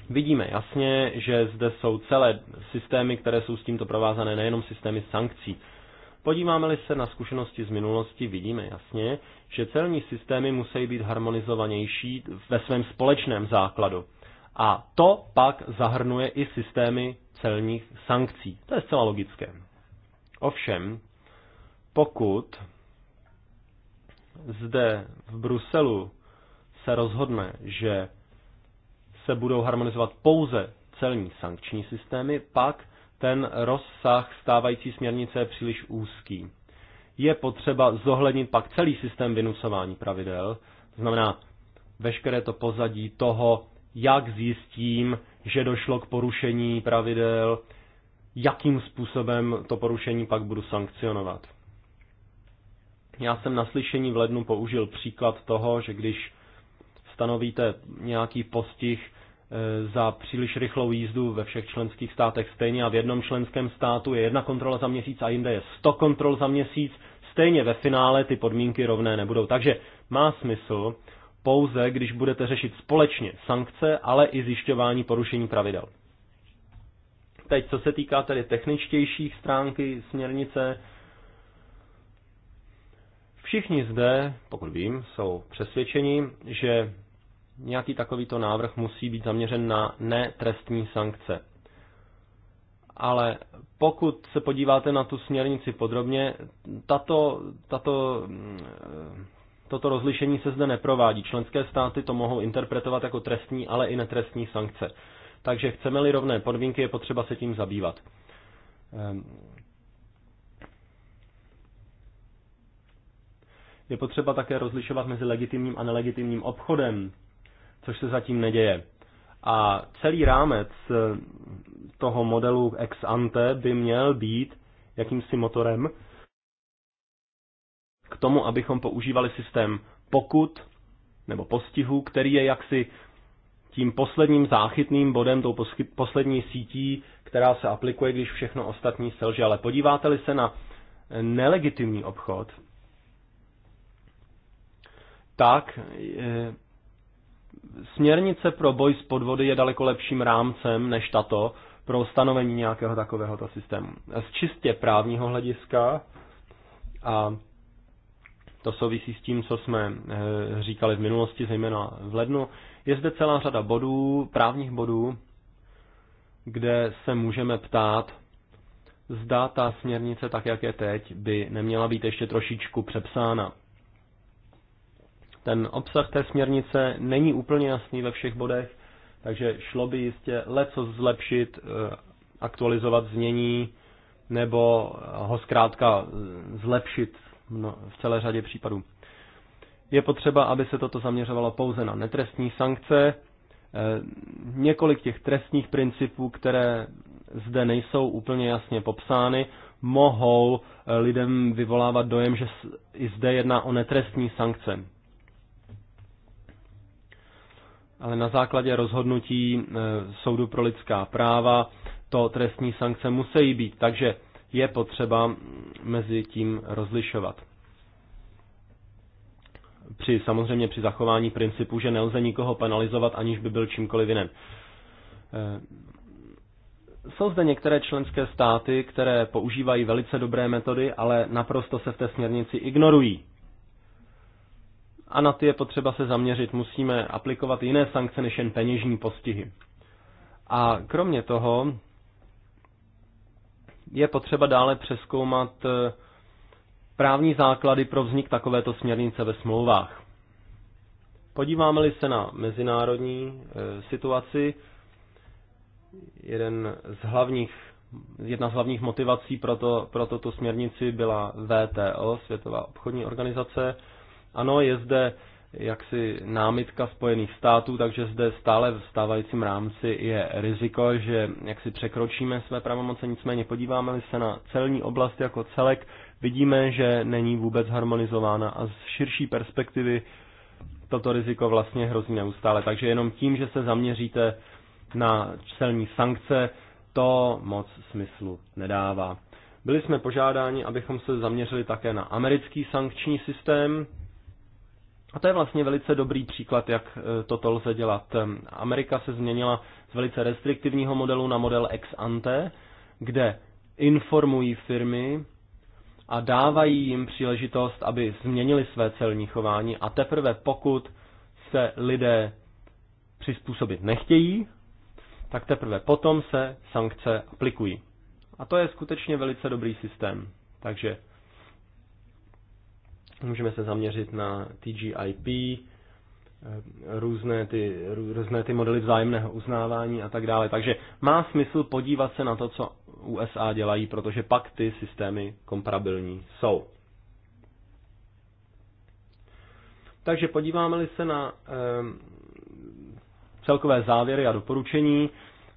vidíme jasně, že zde jsou celé systémy, které jsou s tímto provázané, nejenom systémy sankcí. Podíváme-li se na zkušenosti z minulosti, vidíme jasně, že celní systémy musí být harmonizovanější ve svém společném základu. A to pak zahrnuje i systémy celních sankcí. To je zcela logické. Ovšem, pokud zde v Bruselu se rozhodne, že se budou harmonizovat pouze celní sankční systémy, pak ten rozsah stávající směrnice je příliš úzký. Je potřeba zohlednit pak celý systém vynucování pravidel, to znamená veškeré to pozadí toho, jak zjistím, že došlo k porušení pravidel, jakým způsobem to porušení pak budu sankcionovat. Já jsem na slyšení v lednu použil příklad toho, že když stanovíte nějaký postih Eh, za příliš rychlou jízdu ve všech členských státech stejně a v jednom členském státu je jedna kontrola za měsíc a jinde je 100 kontrol za měsíc, stejně ve finále ty podmínky rovné nebudou. Takže má smysl pouze, když budete řešit společně sankce, ale i zjišťování porušení pravidel. Teď, co se týká tedy techničtějších stránky směrnice, všichni zde, pokud vím, jsou přesvědčeni, že nějaký takovýto návrh musí být zaměřen na netrestní sankce. Ale pokud se podíváte na tu směrnici podrobně, tato, tato, mm, toto rozlišení se zde neprovádí. Členské státy to mohou interpretovat jako trestní, ale i netrestní sankce. Takže chceme-li rovné podmínky, je potřeba se tím zabývat. Ehm. Je potřeba také rozlišovat mezi legitimním a nelegitimním obchodem což se zatím neděje. A celý rámec eh, toho modelu ex ante by měl být jakýmsi motorem k tomu, abychom používali systém pokud nebo postihu, který je jaksi tím posledním záchytným bodem, tou poslední sítí, která se aplikuje, když všechno ostatní selže. Ale podíváte-li se na nelegitimní obchod, tak eh, směrnice pro boj s podvody je daleko lepším rámcem než tato pro stanovení nějakého takovéhoto systému. Z čistě právního hlediska a to souvisí s tím, co jsme eh, říkali v minulosti, zejména v lednu, je zde celá řada bodů, právních bodů, kde se můžeme ptát, zda ta směrnice, tak jak je teď, by neměla být ještě trošičku přepsána. Ten obsah té směrnice není úplně jasný ve všech bodech, takže šlo by jistě leco zlepšit, eh, aktualizovat znění nebo eh, ho zkrátka eh, zlepšit v celé řadě případů. Je potřeba, aby se toto zaměřovalo pouze na netrestní sankce. Několik těch trestních principů, které zde nejsou úplně jasně popsány, mohou lidem vyvolávat dojem, že i zde jedná o netrestní sankce ale na základě rozhodnutí e, Soudu pro lidská práva to trestní sankce musí být, takže je potřeba mezi tím rozlišovat. Při, samozřejmě při zachování principu, že nelze nikoho penalizovat, aniž by byl čímkoliv jiným. E, jsou zde některé členské státy, které používají velice dobré metody, ale naprosto se v té směrnici ignorují a na ty je potřeba se zaměřit. Musíme aplikovat jiné sankce než jen peněžní postihy. A kromě toho je potřeba dále přeskoumat eh, právní základy pro vznik takovéto směrnice ve smlouvách. Podíváme-li se na mezinárodní eh, situaci, jeden z hlavních, jedna z hlavních motivací pro, to, pro toto směrnici byla VTO, Světová obchodní organizace, ano, je zde jaksi námitka Spojených států, takže zde stále v stávajícím rámci je riziko, že jak si překročíme své pravomoce, nicméně podíváme se na celní oblast jako celek, vidíme, že není vůbec harmonizována a z širší perspektivy toto riziko vlastně hrozí neustále. Takže jenom tím, že se zaměříte na celní sankce, to moc smyslu nedává. Byli jsme požádáni, abychom se zaměřili také na americký sankční systém, a to je vlastně velice dobrý příklad, jak e, toto lze dělat. Amerika se změnila z velice restriktivního modelu na model ex ante, kde informují firmy a dávají jim příležitost, aby změnili své celní chování a teprve pokud se lidé přizpůsobit nechtějí, tak teprve potom se sankce aplikují. A to je skutečně velice dobrý systém. Takže Můžeme se zaměřit na TGIP, eh, různé ty, různé ty modely vzájemného uznávání a tak dále. Takže má smysl podívat se na to, co USA dělají, protože pak ty systémy komparabilní jsou. Takže podíváme-li se na eh, celkové závěry a doporučení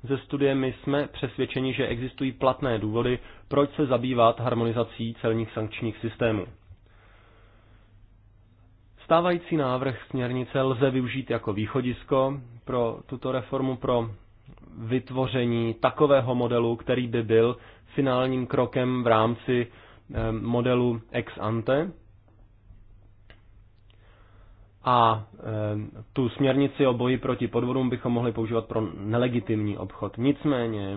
ze studie, my jsme přesvědčeni, že existují platné důvody, proč se zabývat harmonizací celních sankčních systémů. Stávající návrh směrnice lze využít jako východisko pro tuto reformu, pro vytvoření takového modelu, který by byl finálním krokem v rámci eh, modelu ex ante. A eh, tu směrnici o boji proti podvodům bychom mohli používat pro nelegitimní obchod. Nicméně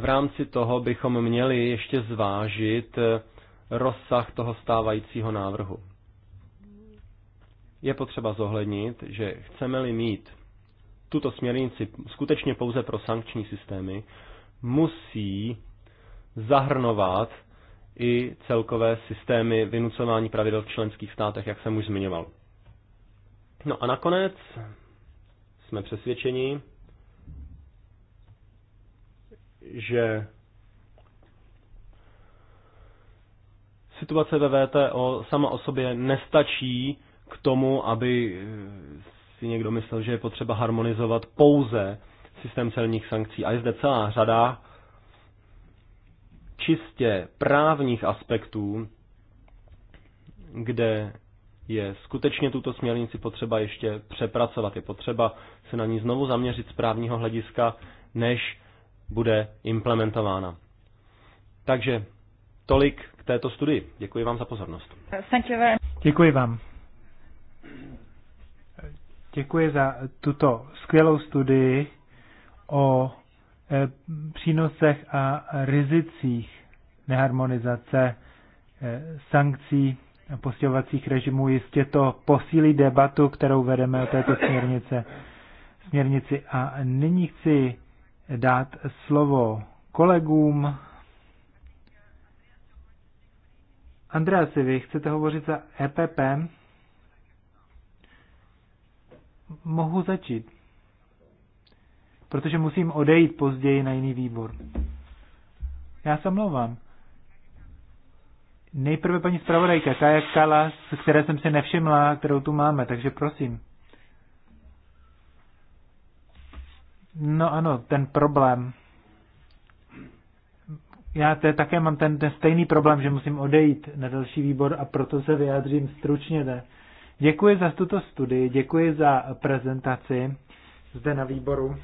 v rámci toho bychom měli ještě zvážit eh, rozsah toho stávajícího návrhu je potřeba zohlednit, že chceme-li mít tuto směrnici skutečně pouze pro sankční systémy, musí zahrnovat i celkové systémy vynucování pravidel v členských státech, jak jsem už zmiňoval. No a nakonec jsme přesvědčeni, že situace ve VTO sama o sobě nestačí k tomu, aby eh, si někdo myslel, že je potřeba harmonizovat pouze systém celních sankcí. A je zde celá řada čistě právních aspektů, kde je skutečně tuto směrnici potřeba ještě přepracovat. Je potřeba se na ní znovu zaměřit z právního hlediska, než bude implementována. Takže tolik k této studii. Děkuji vám za pozornost. Děkuji vám. Děkuji za tuto skvělou studii o eh, přínosech a rizicích neharmonizace eh, sankcí a postihovacích režimů. Jistě to posílí debatu, kterou vedeme o této směrnice, směrnici. A nyní chci dát slovo kolegům. Andreasi, vy chcete hovořit za EPP? mohu začít, protože musím odejít později na jiný výbor. Já se mluvám. Nejprve paní zpravodajka Kala, s které jsem si nevšimla, kterou tu máme, takže prosím. No ano, ten problém. Já te, také mám ten, ten stejný problém, že musím odejít na další výbor a proto se vyjádřím stručně. Ne? Děkuji za tuto studii, děkuji za prezentaci zde na výboru.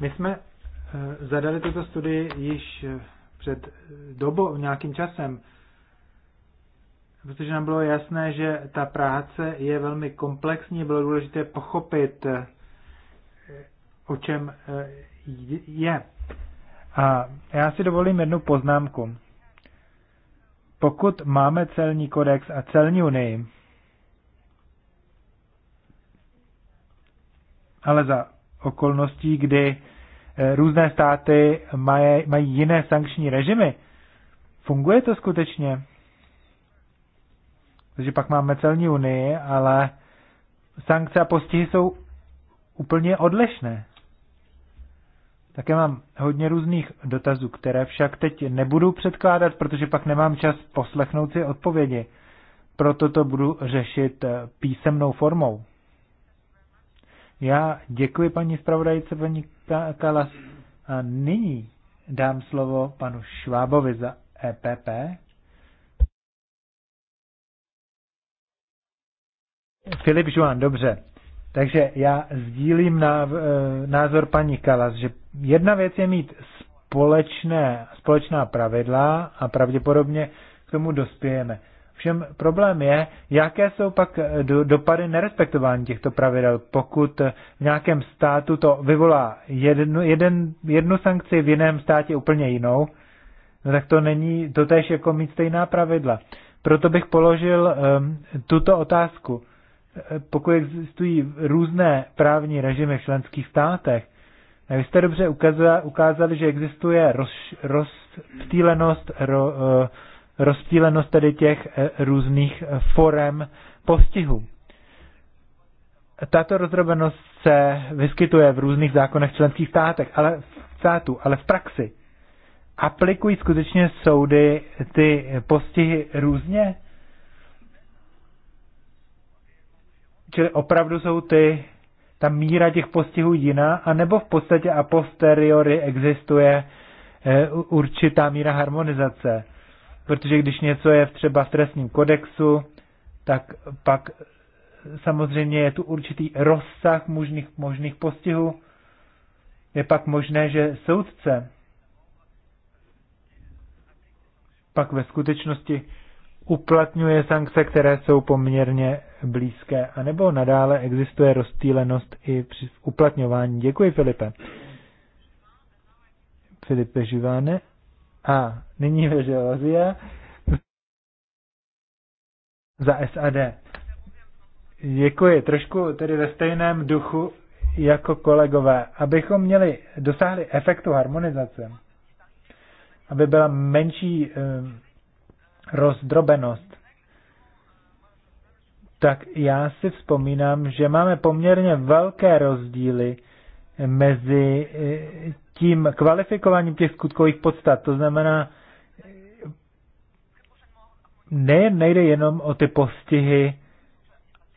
My jsme eh, zadali tuto studii již eh, před eh, dobou, nějakým časem, protože nám bylo jasné, že ta práce je velmi komplexní, bylo důležité pochopit, o čem je. A já si dovolím jednu poznámku pokud máme celní kodex a celní unii, ale za okolností, kdy eh, různé státy mají, mají jiné sankční režimy, funguje to skutečně? Takže pak máme celní unii, ale sankce a postihy jsou úplně odlišné. Také mám hodně různých dotazů, které však teď nebudu předkládat, protože pak nemám čas poslechnout si odpovědi. Proto to budu řešit eh, písemnou formou. Já děkuji paní zpravodajce, paní Kalas. A nyní dám slovo panu Švábovi za EPP. Filip Žuán, dobře. Takže já sdílím eh, názor paní Kalas, že jedna věc je mít společné, společná pravidla a pravděpodobně k tomu dospějeme. Všem problém je, jaké jsou pak eh, do, dopady nerespektování těchto pravidel. Pokud eh, v nějakém státu to vyvolá jednu, jeden, jednu sankci, v jiném státě úplně jinou, no tak to není totéž jako mít stejná pravidla. Proto bych položil um, tuto otázku pokud existují různé právní režimy v členských státech, vy jste dobře ukázali, ukázali že existuje roz, rozptýlenost, ro, eh, rozptýlenost tedy těch eh, různých eh, forem postihu. Tato rozdrobenost se vyskytuje v různých zákonech v členských státech, ale v státu, ale v praxi. Aplikují skutečně soudy ty postihy různě? Čili opravdu jsou ty, ta míra těch postihů jiná, anebo v podstatě a posteriori existuje eh, určitá míra harmonizace. Protože když něco je třeba v trestním kodexu, tak pak eh, samozřejmě je tu určitý rozsah možných, možných postihů. Je pak možné, že soudce pak ve skutečnosti uplatňuje sankce, které jsou poměrně blízké, anebo nadále existuje rozstýlenost i při uplatňování. Děkuji, Filipe. Filipe Živáne. A nyní Veželazia za SAD. Děkuji. Trošku tedy ve stejném duchu jako kolegové. Abychom měli, dosáhli efektu harmonizace, aby byla menší eh, rozdrobenost, tak já si vzpomínám, že máme poměrně velké rozdíly mezi eh, tím kvalifikováním těch skutkových podstat. To znamená, nejen nejde jenom o ty postihy,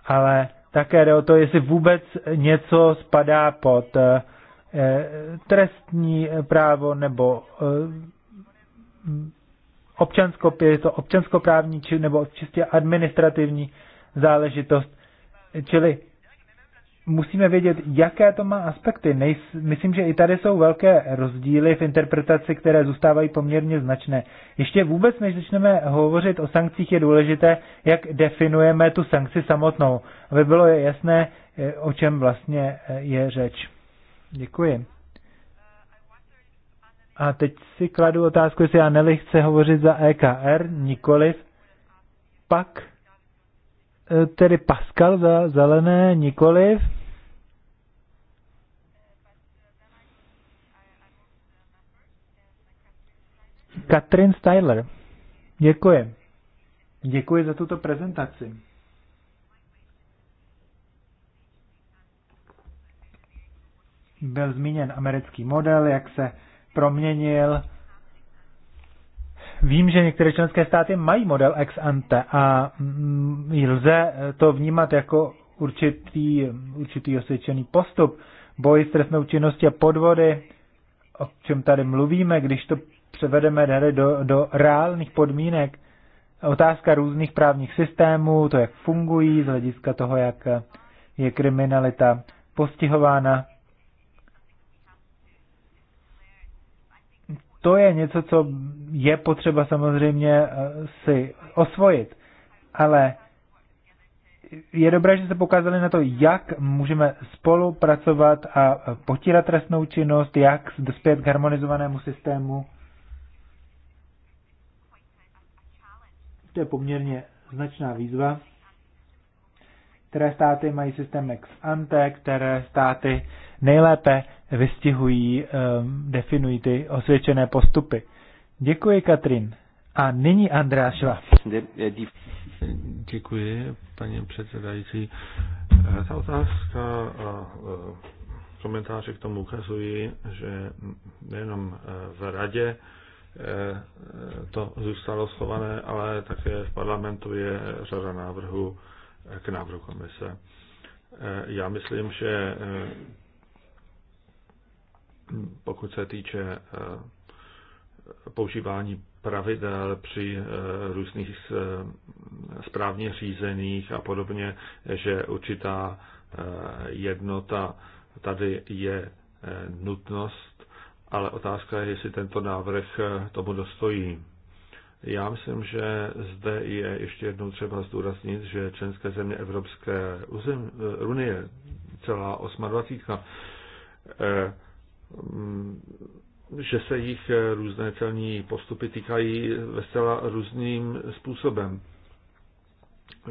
ale také jde o to, jestli vůbec něco spadá pod eh, trestní právo nebo eh, občansko, je to občanskoprávní či, nebo čistě administrativní záležitost. Čili musíme vědět, jaké to má aspekty. Nej, myslím, že i tady jsou velké rozdíly v interpretaci, které zůstávají poměrně značné. Ještě vůbec, než začneme hovořit o sankcích, je důležité, jak definujeme tu sankci samotnou, aby bylo jasné, eh, o čem vlastně eh, je řeč. Děkuji. A teď si kladu otázku, jestli já Nelly chce hovořit za EKR, nikoliv. Pak e, tedy Pascal za zelené, nikoliv. Katrin Styler. Děkuji. Děkuji za tuto prezentaci. Byl zmíněn americký model, jak se proměnil. Vím, že některé členské státy mají model ex ante a mm, lze to vnímat jako určitý, určitý osvědčený postup. Boj s trestnou činností a podvody, o čem tady mluvíme, když to převedeme tady do, do reálných podmínek, otázka různých právních systémů, to, jak fungují, z hlediska toho, jak je kriminalita postihována, to je něco, co je potřeba samozřejmě eh, si osvojit. Ale je dobré, že se pokázali na to, jak můžeme spolupracovat a eh, potírat trestnou činnost, jak dospět k harmonizovanému systému. To je poměrně značná výzva. Které státy mají systém ex ante, které státy nejlépe vystihují, ehm, definují ty osvědčené postupy. Děkuji, Katrin. A nyní Andrea Švab. Děkuji, paní předsedající. Ta otázka a e, komentáře k tomu ukazují, že nejenom e, v radě e, to zůstalo schované, ale také v parlamentu je řada návrhů, k návrhu komise. Eh, já myslím, že eh, pokud se týče eh, používání pravidel při různých správně řízených a podobně, že určitá jednota tady je nutnost, ale otázka je, jestli tento návrh tomu dostojí. Já myslím, že zde je ještě jednou třeba zdůraznit, že členské země Evropské unie, celá 28, eh, mm, že se jich eh, různé celní postupy týkají ve zcela různým způsobem.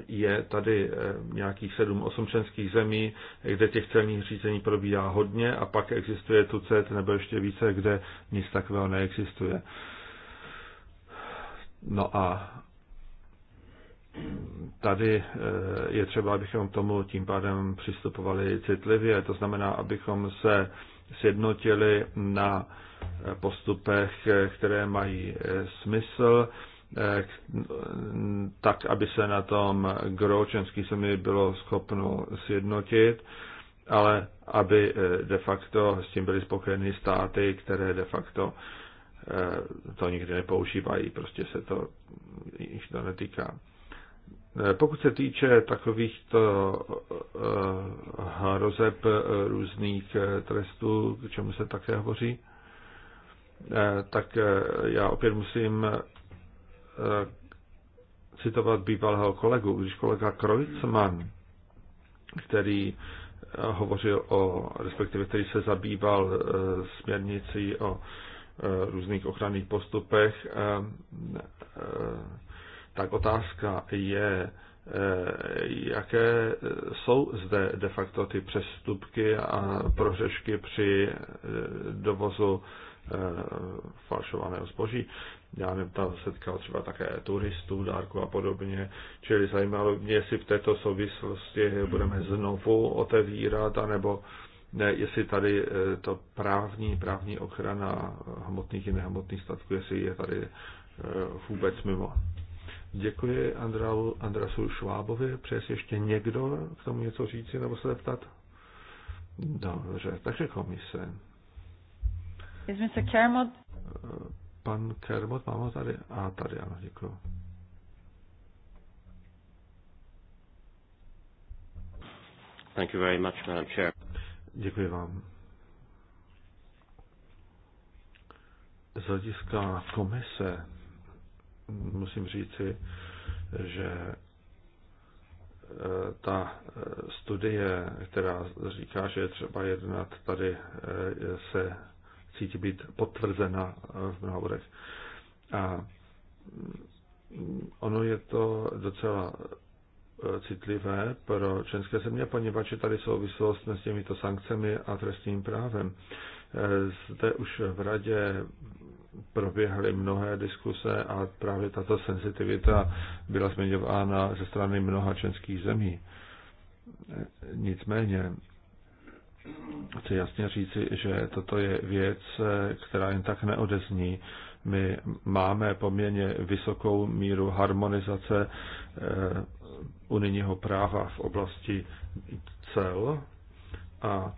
Je tady eh, nějakých 7-8 členských zemí, kde těch celních řízení probíhá hodně a pak existuje tu tucet nebo ještě více, kde nic takového neexistuje. Hmm. No a tady eh, je třeba, abychom tomu tím pádem přistupovali citlivě, to znamená, abychom se sjednotili na eh, postupech, eh, které mají smysl, tak, aby se na tom gročenský se mi bylo schopno sjednotit, ale aby de facto s tím byly spokojeny státy, které de facto Eh, to nikdy nepoužívají, prostě se to jich to netýká. Eh, pokud se týče takovýchto eh, hrozeb různých trestů, k čemu se také hovoří, tak já opět musím citovat bývalého kolegu, když kolega Kreutzmann, který hovořil o, respektive který se zabýval směrnicí o Eh, různých ochranných postupech, eh, eh, tak otázka je, jaké jsou zde de facto ty přestupky a prohřešky při dovozu falšovaného zboží. Já nevím, tam setkal třeba také turistů, dárku a podobně. Čili zajímalo mě, jestli v této souvislosti budeme znovu otevírat, anebo jestli tady eh, to právní, právní ochrana hmotných i nehmotných statků, jestli je tady eh, vůbec mimo. Děkuji Andrau, Andrasu Švábovi. Přeje ještě někdo k tomu něco říci nebo se zeptat? Dobře, takže komise. Is Mr. Kermod? Eh, pan Kermod, máme tady? A tady, ano, děkuji. Thank you very much, Madam Chair. Děkuji vám. Z hlediska komise musím říci, že eh, ta eh, studie, která říká, že je třeba jednat, tady eh, se cítí být potvrzena v návodech. A mm, ono je to docela Eh, citlivé pro členské země, poněvadž je tady souvislost s těmito sankcemi a trestním právem. Eh, zde už v radě proběhly mnohé diskuse a právě tato senzitivita byla zmiňována ze strany mnoha členských zemí. Eh, nicméně chci jasně říci, že toto je věc, která jen tak neodezní. My máme poměrně vysokou míru harmonizace unijního práva v oblasti cel a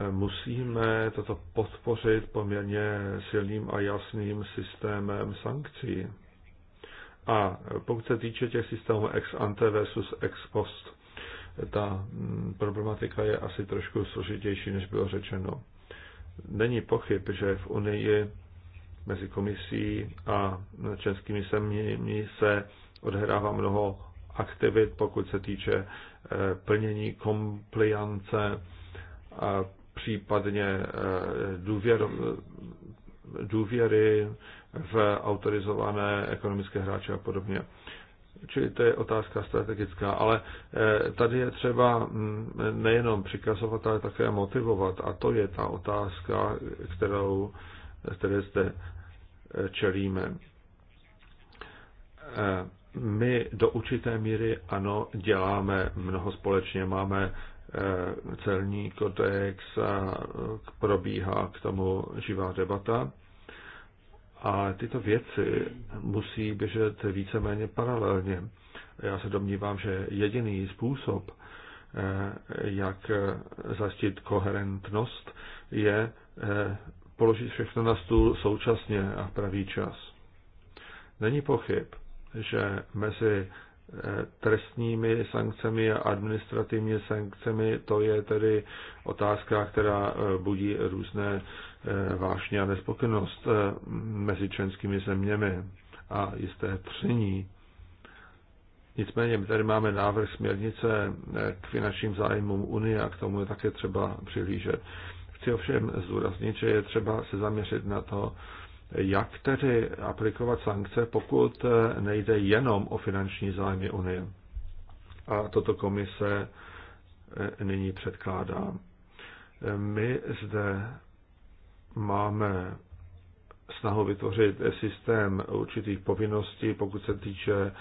e, musíme toto podpořit poměrně silným a jasným systémem sankcí. A pokud se týče těch systémů ex ante versus ex post, ta mm, problematika je asi trošku složitější, než bylo řečeno. Není pochyb, že v Unii mezi komisí a českými zeměmi se odhrává mnoho aktivit, pokud se týče eh, plnění kompliance, a případně eh, důvěr, důvěry v autorizované ekonomické hráče a podobně. Čili to je otázka strategická, ale eh, tady je třeba mm, nejenom přikazovat, ale také motivovat. A to je ta otázka, kterou, které zde čelíme. My do určité míry ano, děláme mnoho společně, máme eh, celní kodex a probíhá k tomu živá debata. A tyto věci musí běžet víceméně paralelně. Já se domnívám, že jediný způsob, eh, jak zastit koherentnost, je eh, položit všechno na stůl současně a v pravý čas. Není pochyb, že mezi eh, trestními sankcemi a administrativními sankcemi, to je tedy otázka, která eh, budí různé eh, vášně a nespokojenost mezi členskými zeměmi a jisté tření. Nicméně my tady máme návrh směrnice k finančním zájmům Unie a k tomu je také třeba přihlížet. Chci ovšem zdůraznit, že je třeba se zaměřit na to, jak tedy aplikovat sankce, pokud eh, nejde jenom o finanční zájmy Unie. A toto komise eh, nyní předkládá. My zde máme snahu vytvořit systém určitých povinností, pokud se týče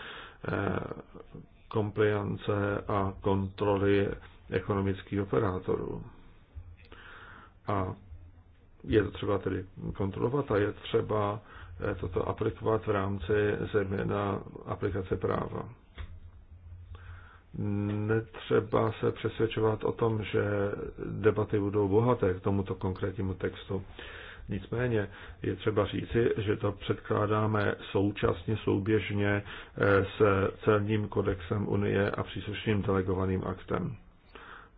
kompliance eh, a kontroly ekonomických operátorů. A je to třeba tedy kontrolovat a je třeba eh, toto aplikovat v rámci země na aplikace práva. Netřeba se přesvědčovat o tom, že debaty budou bohaté k tomuto konkrétnímu textu. Nicméně je třeba říci, že to předkládáme současně, souběžně eh, s celním kodexem Unie a příslušným delegovaným aktem.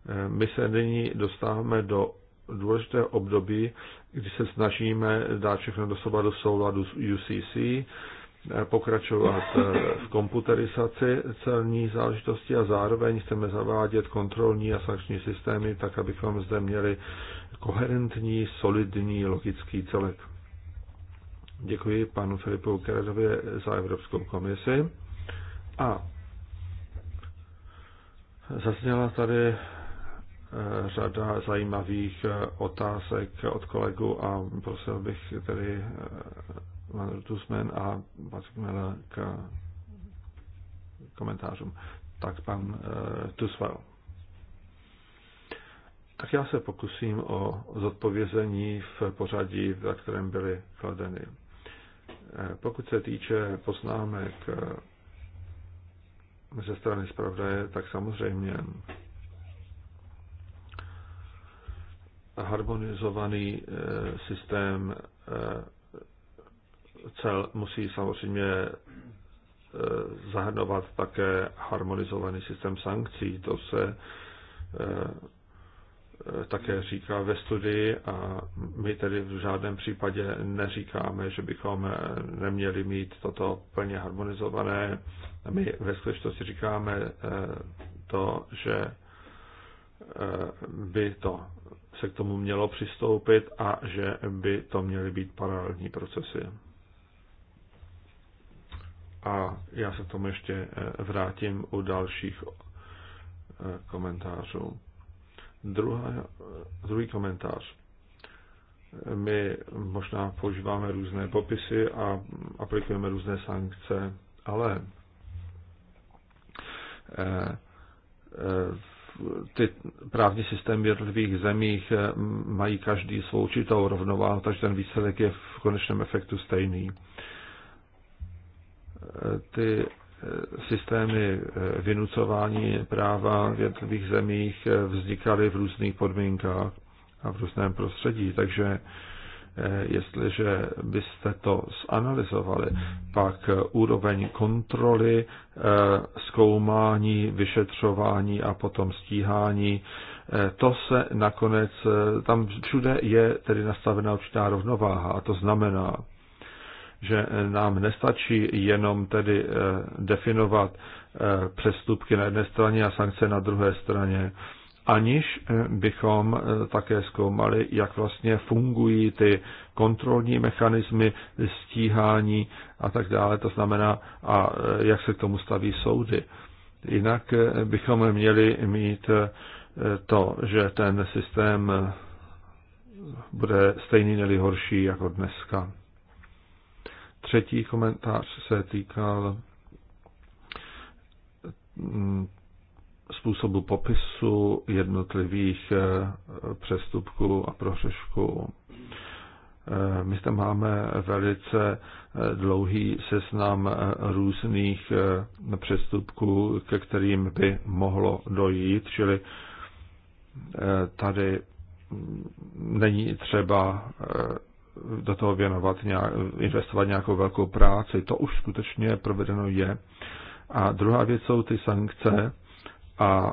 Eh, my se nyní dostáváme do důležité období, kdy se snažíme dát všechno do do souladu s UCC, eh, pokračovat eh, v komputerizaci celní záležitosti a zároveň chceme zavádět kontrolní a sankční systémy, tak abychom zde měli koherentní, solidní, logický celek. Děkuji panu Filipu Keredovi za Evropskou komisi. A zazněla tady Eh, řada zajímavých eh, otázek od kolegu a prosil bych tedy pan eh, Rutusmen a Patrik Mele k komentářům. Tak pan Tuzman. Tak já se pokusím o zodpovězení v pořadí, ve kterém byly kladeny. Pokud se týče poznámek ze strany zpravodaje, tak samozřejmě harmonizovaný eh, systém eh, cel musí samozřejmě eh, zahrnovat také harmonizovaný systém sankcí. To se také říká ve studii a my tedy v žádném případě neříkáme, že bychom neměli mít toto plně harmonizované. My ve skutečnosti říkáme to, že by to se k tomu mělo přistoupit a že by to měly být paralelní procesy. A já se k tomu ještě eh, vrátím u dalších eh, komentářů. Druhá, eh, druhý komentář. My možná používáme různé popisy a aplikujeme různé sankce, ale eh, ty právní systémy v jednotlivých zemích eh, mají každý svou určitou rovnováhu, takže ten výsledek je v konečném efektu stejný. Eh, ty eh, systémy vynucování práva v jednotlivých zemích vznikaly v různých podmínkách a v různém prostředí, takže Eh, jestliže byste to zanalizovali, pak eh, úroveň kontroly, eh, zkoumání, vyšetřování a potom stíhání, to se nakonec, tam všude je tedy nastavena určitá rovnováha a to znamená, že nám nestačí jenom tedy definovat přestupky na jedné straně a sankce na druhé straně aniž eh, bychom eh, také zkoumali, jak vlastně fungují ty kontrolní mechanismy stíhání a tak dále, to znamená, a eh, jak se k tomu staví soudy. Jinak bychom měli mít to, že ten systém bude stejný nebo horší jako dneska. Třetí komentář se týkal mm, způsobu popisu jednotlivých eh, přestupků a prohřešků. Eh, my zde máme velice eh, dlouhý seznam různých přestupků, ke kterým by mohlo dojít, čili tady není třeba do toho věnovat nějak, investovat nějakou velkou práci. To už skutečně provedeno je. A druhá věc jsou ty sankce, a e,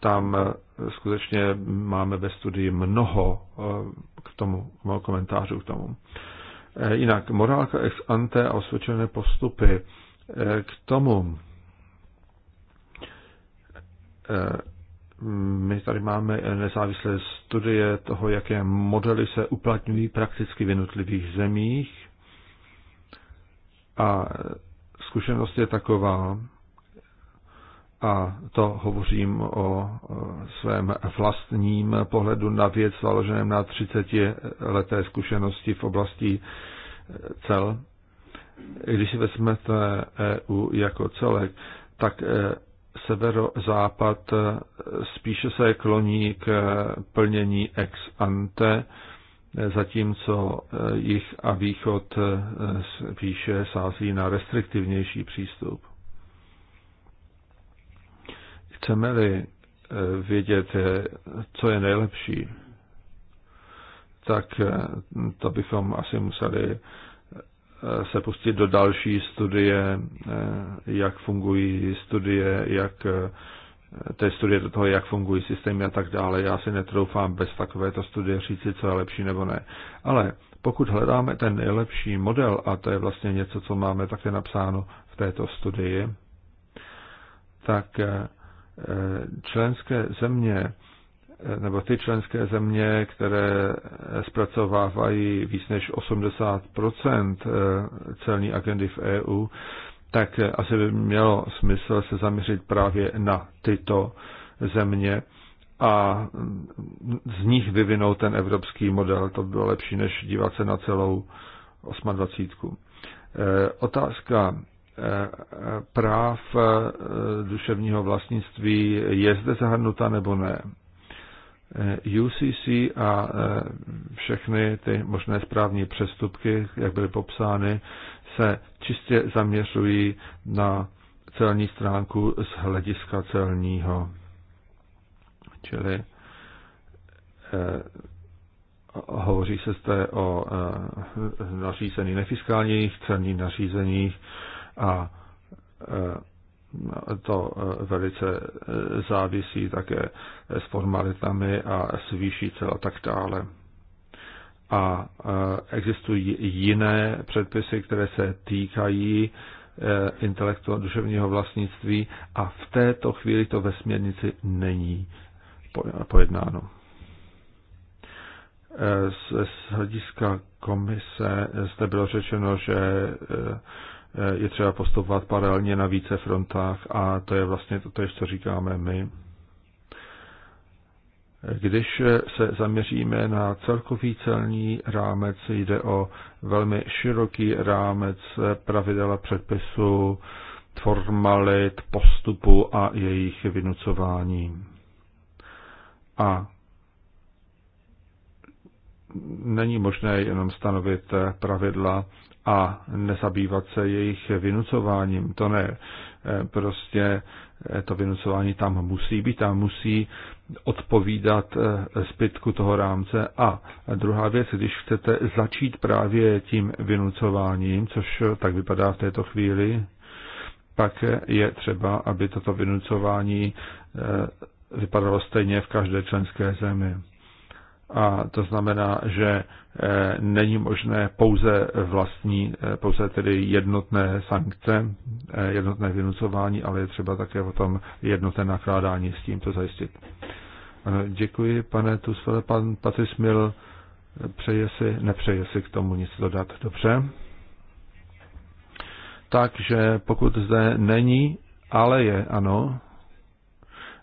tam e, skutečně máme ve studii mnoho e, k tomu, mnoho komentářů k tomu. Jinak, morálka ex ante a osvědčené postupy k tomu. My tady máme nezávislé studie toho, jaké modely se uplatňují prakticky v jednotlivých zemích. A zkušenost je taková, a to hovořím o svém vlastním pohledu na věc založeném na 30 leté zkušenosti v oblasti e, cel. Když si vezmete EU jako celek, tak e, severozápad e, spíše se kloní k plnění ex ante, zatímco jich a východ spíše sází na restriktivnější přístup. Chceme-li eh, vědět, eh, co je nejlepší, tak eh, to bychom asi museli se pustit do další studie, jak fungují studie, jak té studie do toho, jak fungují systémy a tak dále. Já si netroufám bez takovéto studie říci, co je lepší nebo ne. Ale pokud hledáme ten nejlepší model, a to je vlastně něco, co máme také napsáno v této studii, tak členské země nebo ty členské země, které zpracovávají víc než 80 eh, celní agendy v EU, tak asi by mělo smysl se zaměřit právě na tyto země a z nich vyvinout ten evropský model. To by bylo lepší, než dívat se na celou 28. Eh, otázka práv eh, duševního vlastnictví je zde zahrnuta nebo ne. Eh, UCC a eh, všechny ty možné správní přestupky, jak byly popsány, se čistě zaměřují na celní stránku z hlediska celního. Čili hovoří se zde o nařízených, nefiskálních, celních nařízeních, a e, to e, velice e, závisí také s formalitami a s výší cel a tak dále. A existují jiné předpisy, které se týkají intelektu duševního vlastnictví a v této chvíli to ve směrnici není pojednáno. Z hlediska komise zde bylo řečeno, že je třeba postupovat paralelně na více frontách a to je vlastně to, co říkáme my. Když se zaměříme na celkový celní rámec, jde o velmi široký rámec pravidel a předpisů, formalit, postupu a jejich vynucování. A není možné jenom stanovit pravidla a nezabývat se jejich vynucováním. To ne. E, prostě e, to vynucování tam musí být a musí odpovídat e, zbytku toho rámce. A druhá věc, když chcete začít právě tím vynucováním, což tak vypadá v této chvíli, pak je třeba, aby toto vynucování vypadalo stejně v každé členské zemi. A to znamená, že eh, není možné pouze vlastní, eh, pouze tedy jednotné sankce, eh, jednotné vynucování, ale je třeba také o tom jednotné nakládání s tím to zajistit. Děkuji, pane Tusfele. Pan Patrice Mil, přeje si, nepřeje si k tomu nic dodat. Dobře. Takže pokud zde není, ale je, ano,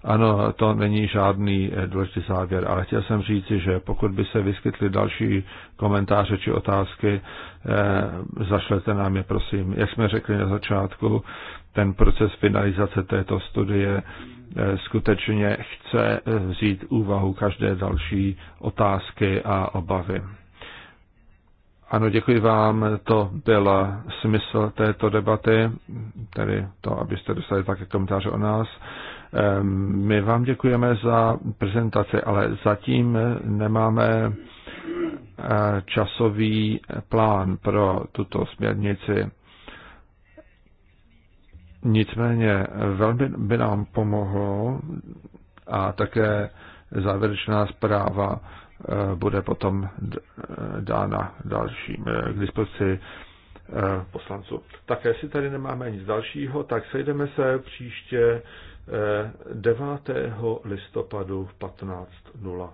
ano, to není žádný eh, důležitý závěr, ale chtěl jsem říci, že pokud by se vyskytly další komentáře či otázky, eh, zašlete nám je, prosím. Jak jsme řekli na začátku, ten proces finalizace této studie eh, skutečně chce vzít úvahu každé další otázky a obavy. Ano, děkuji vám. To byl smysl této debaty, tedy to, abyste dostali také komentáře o nás. Ehm, my vám děkujeme za prezentaci, ale zatím nemáme eh, časový plán pro tuto směrnici. Nicméně velmi by nám pomohlo a také závěrečná zpráva Eh, bude potom eh, dána dalším eh, k dispozici poslanců. Tak jestli tady nemáme nic dalšího, tak sejdeme se příště 9. listopadu v 15.00.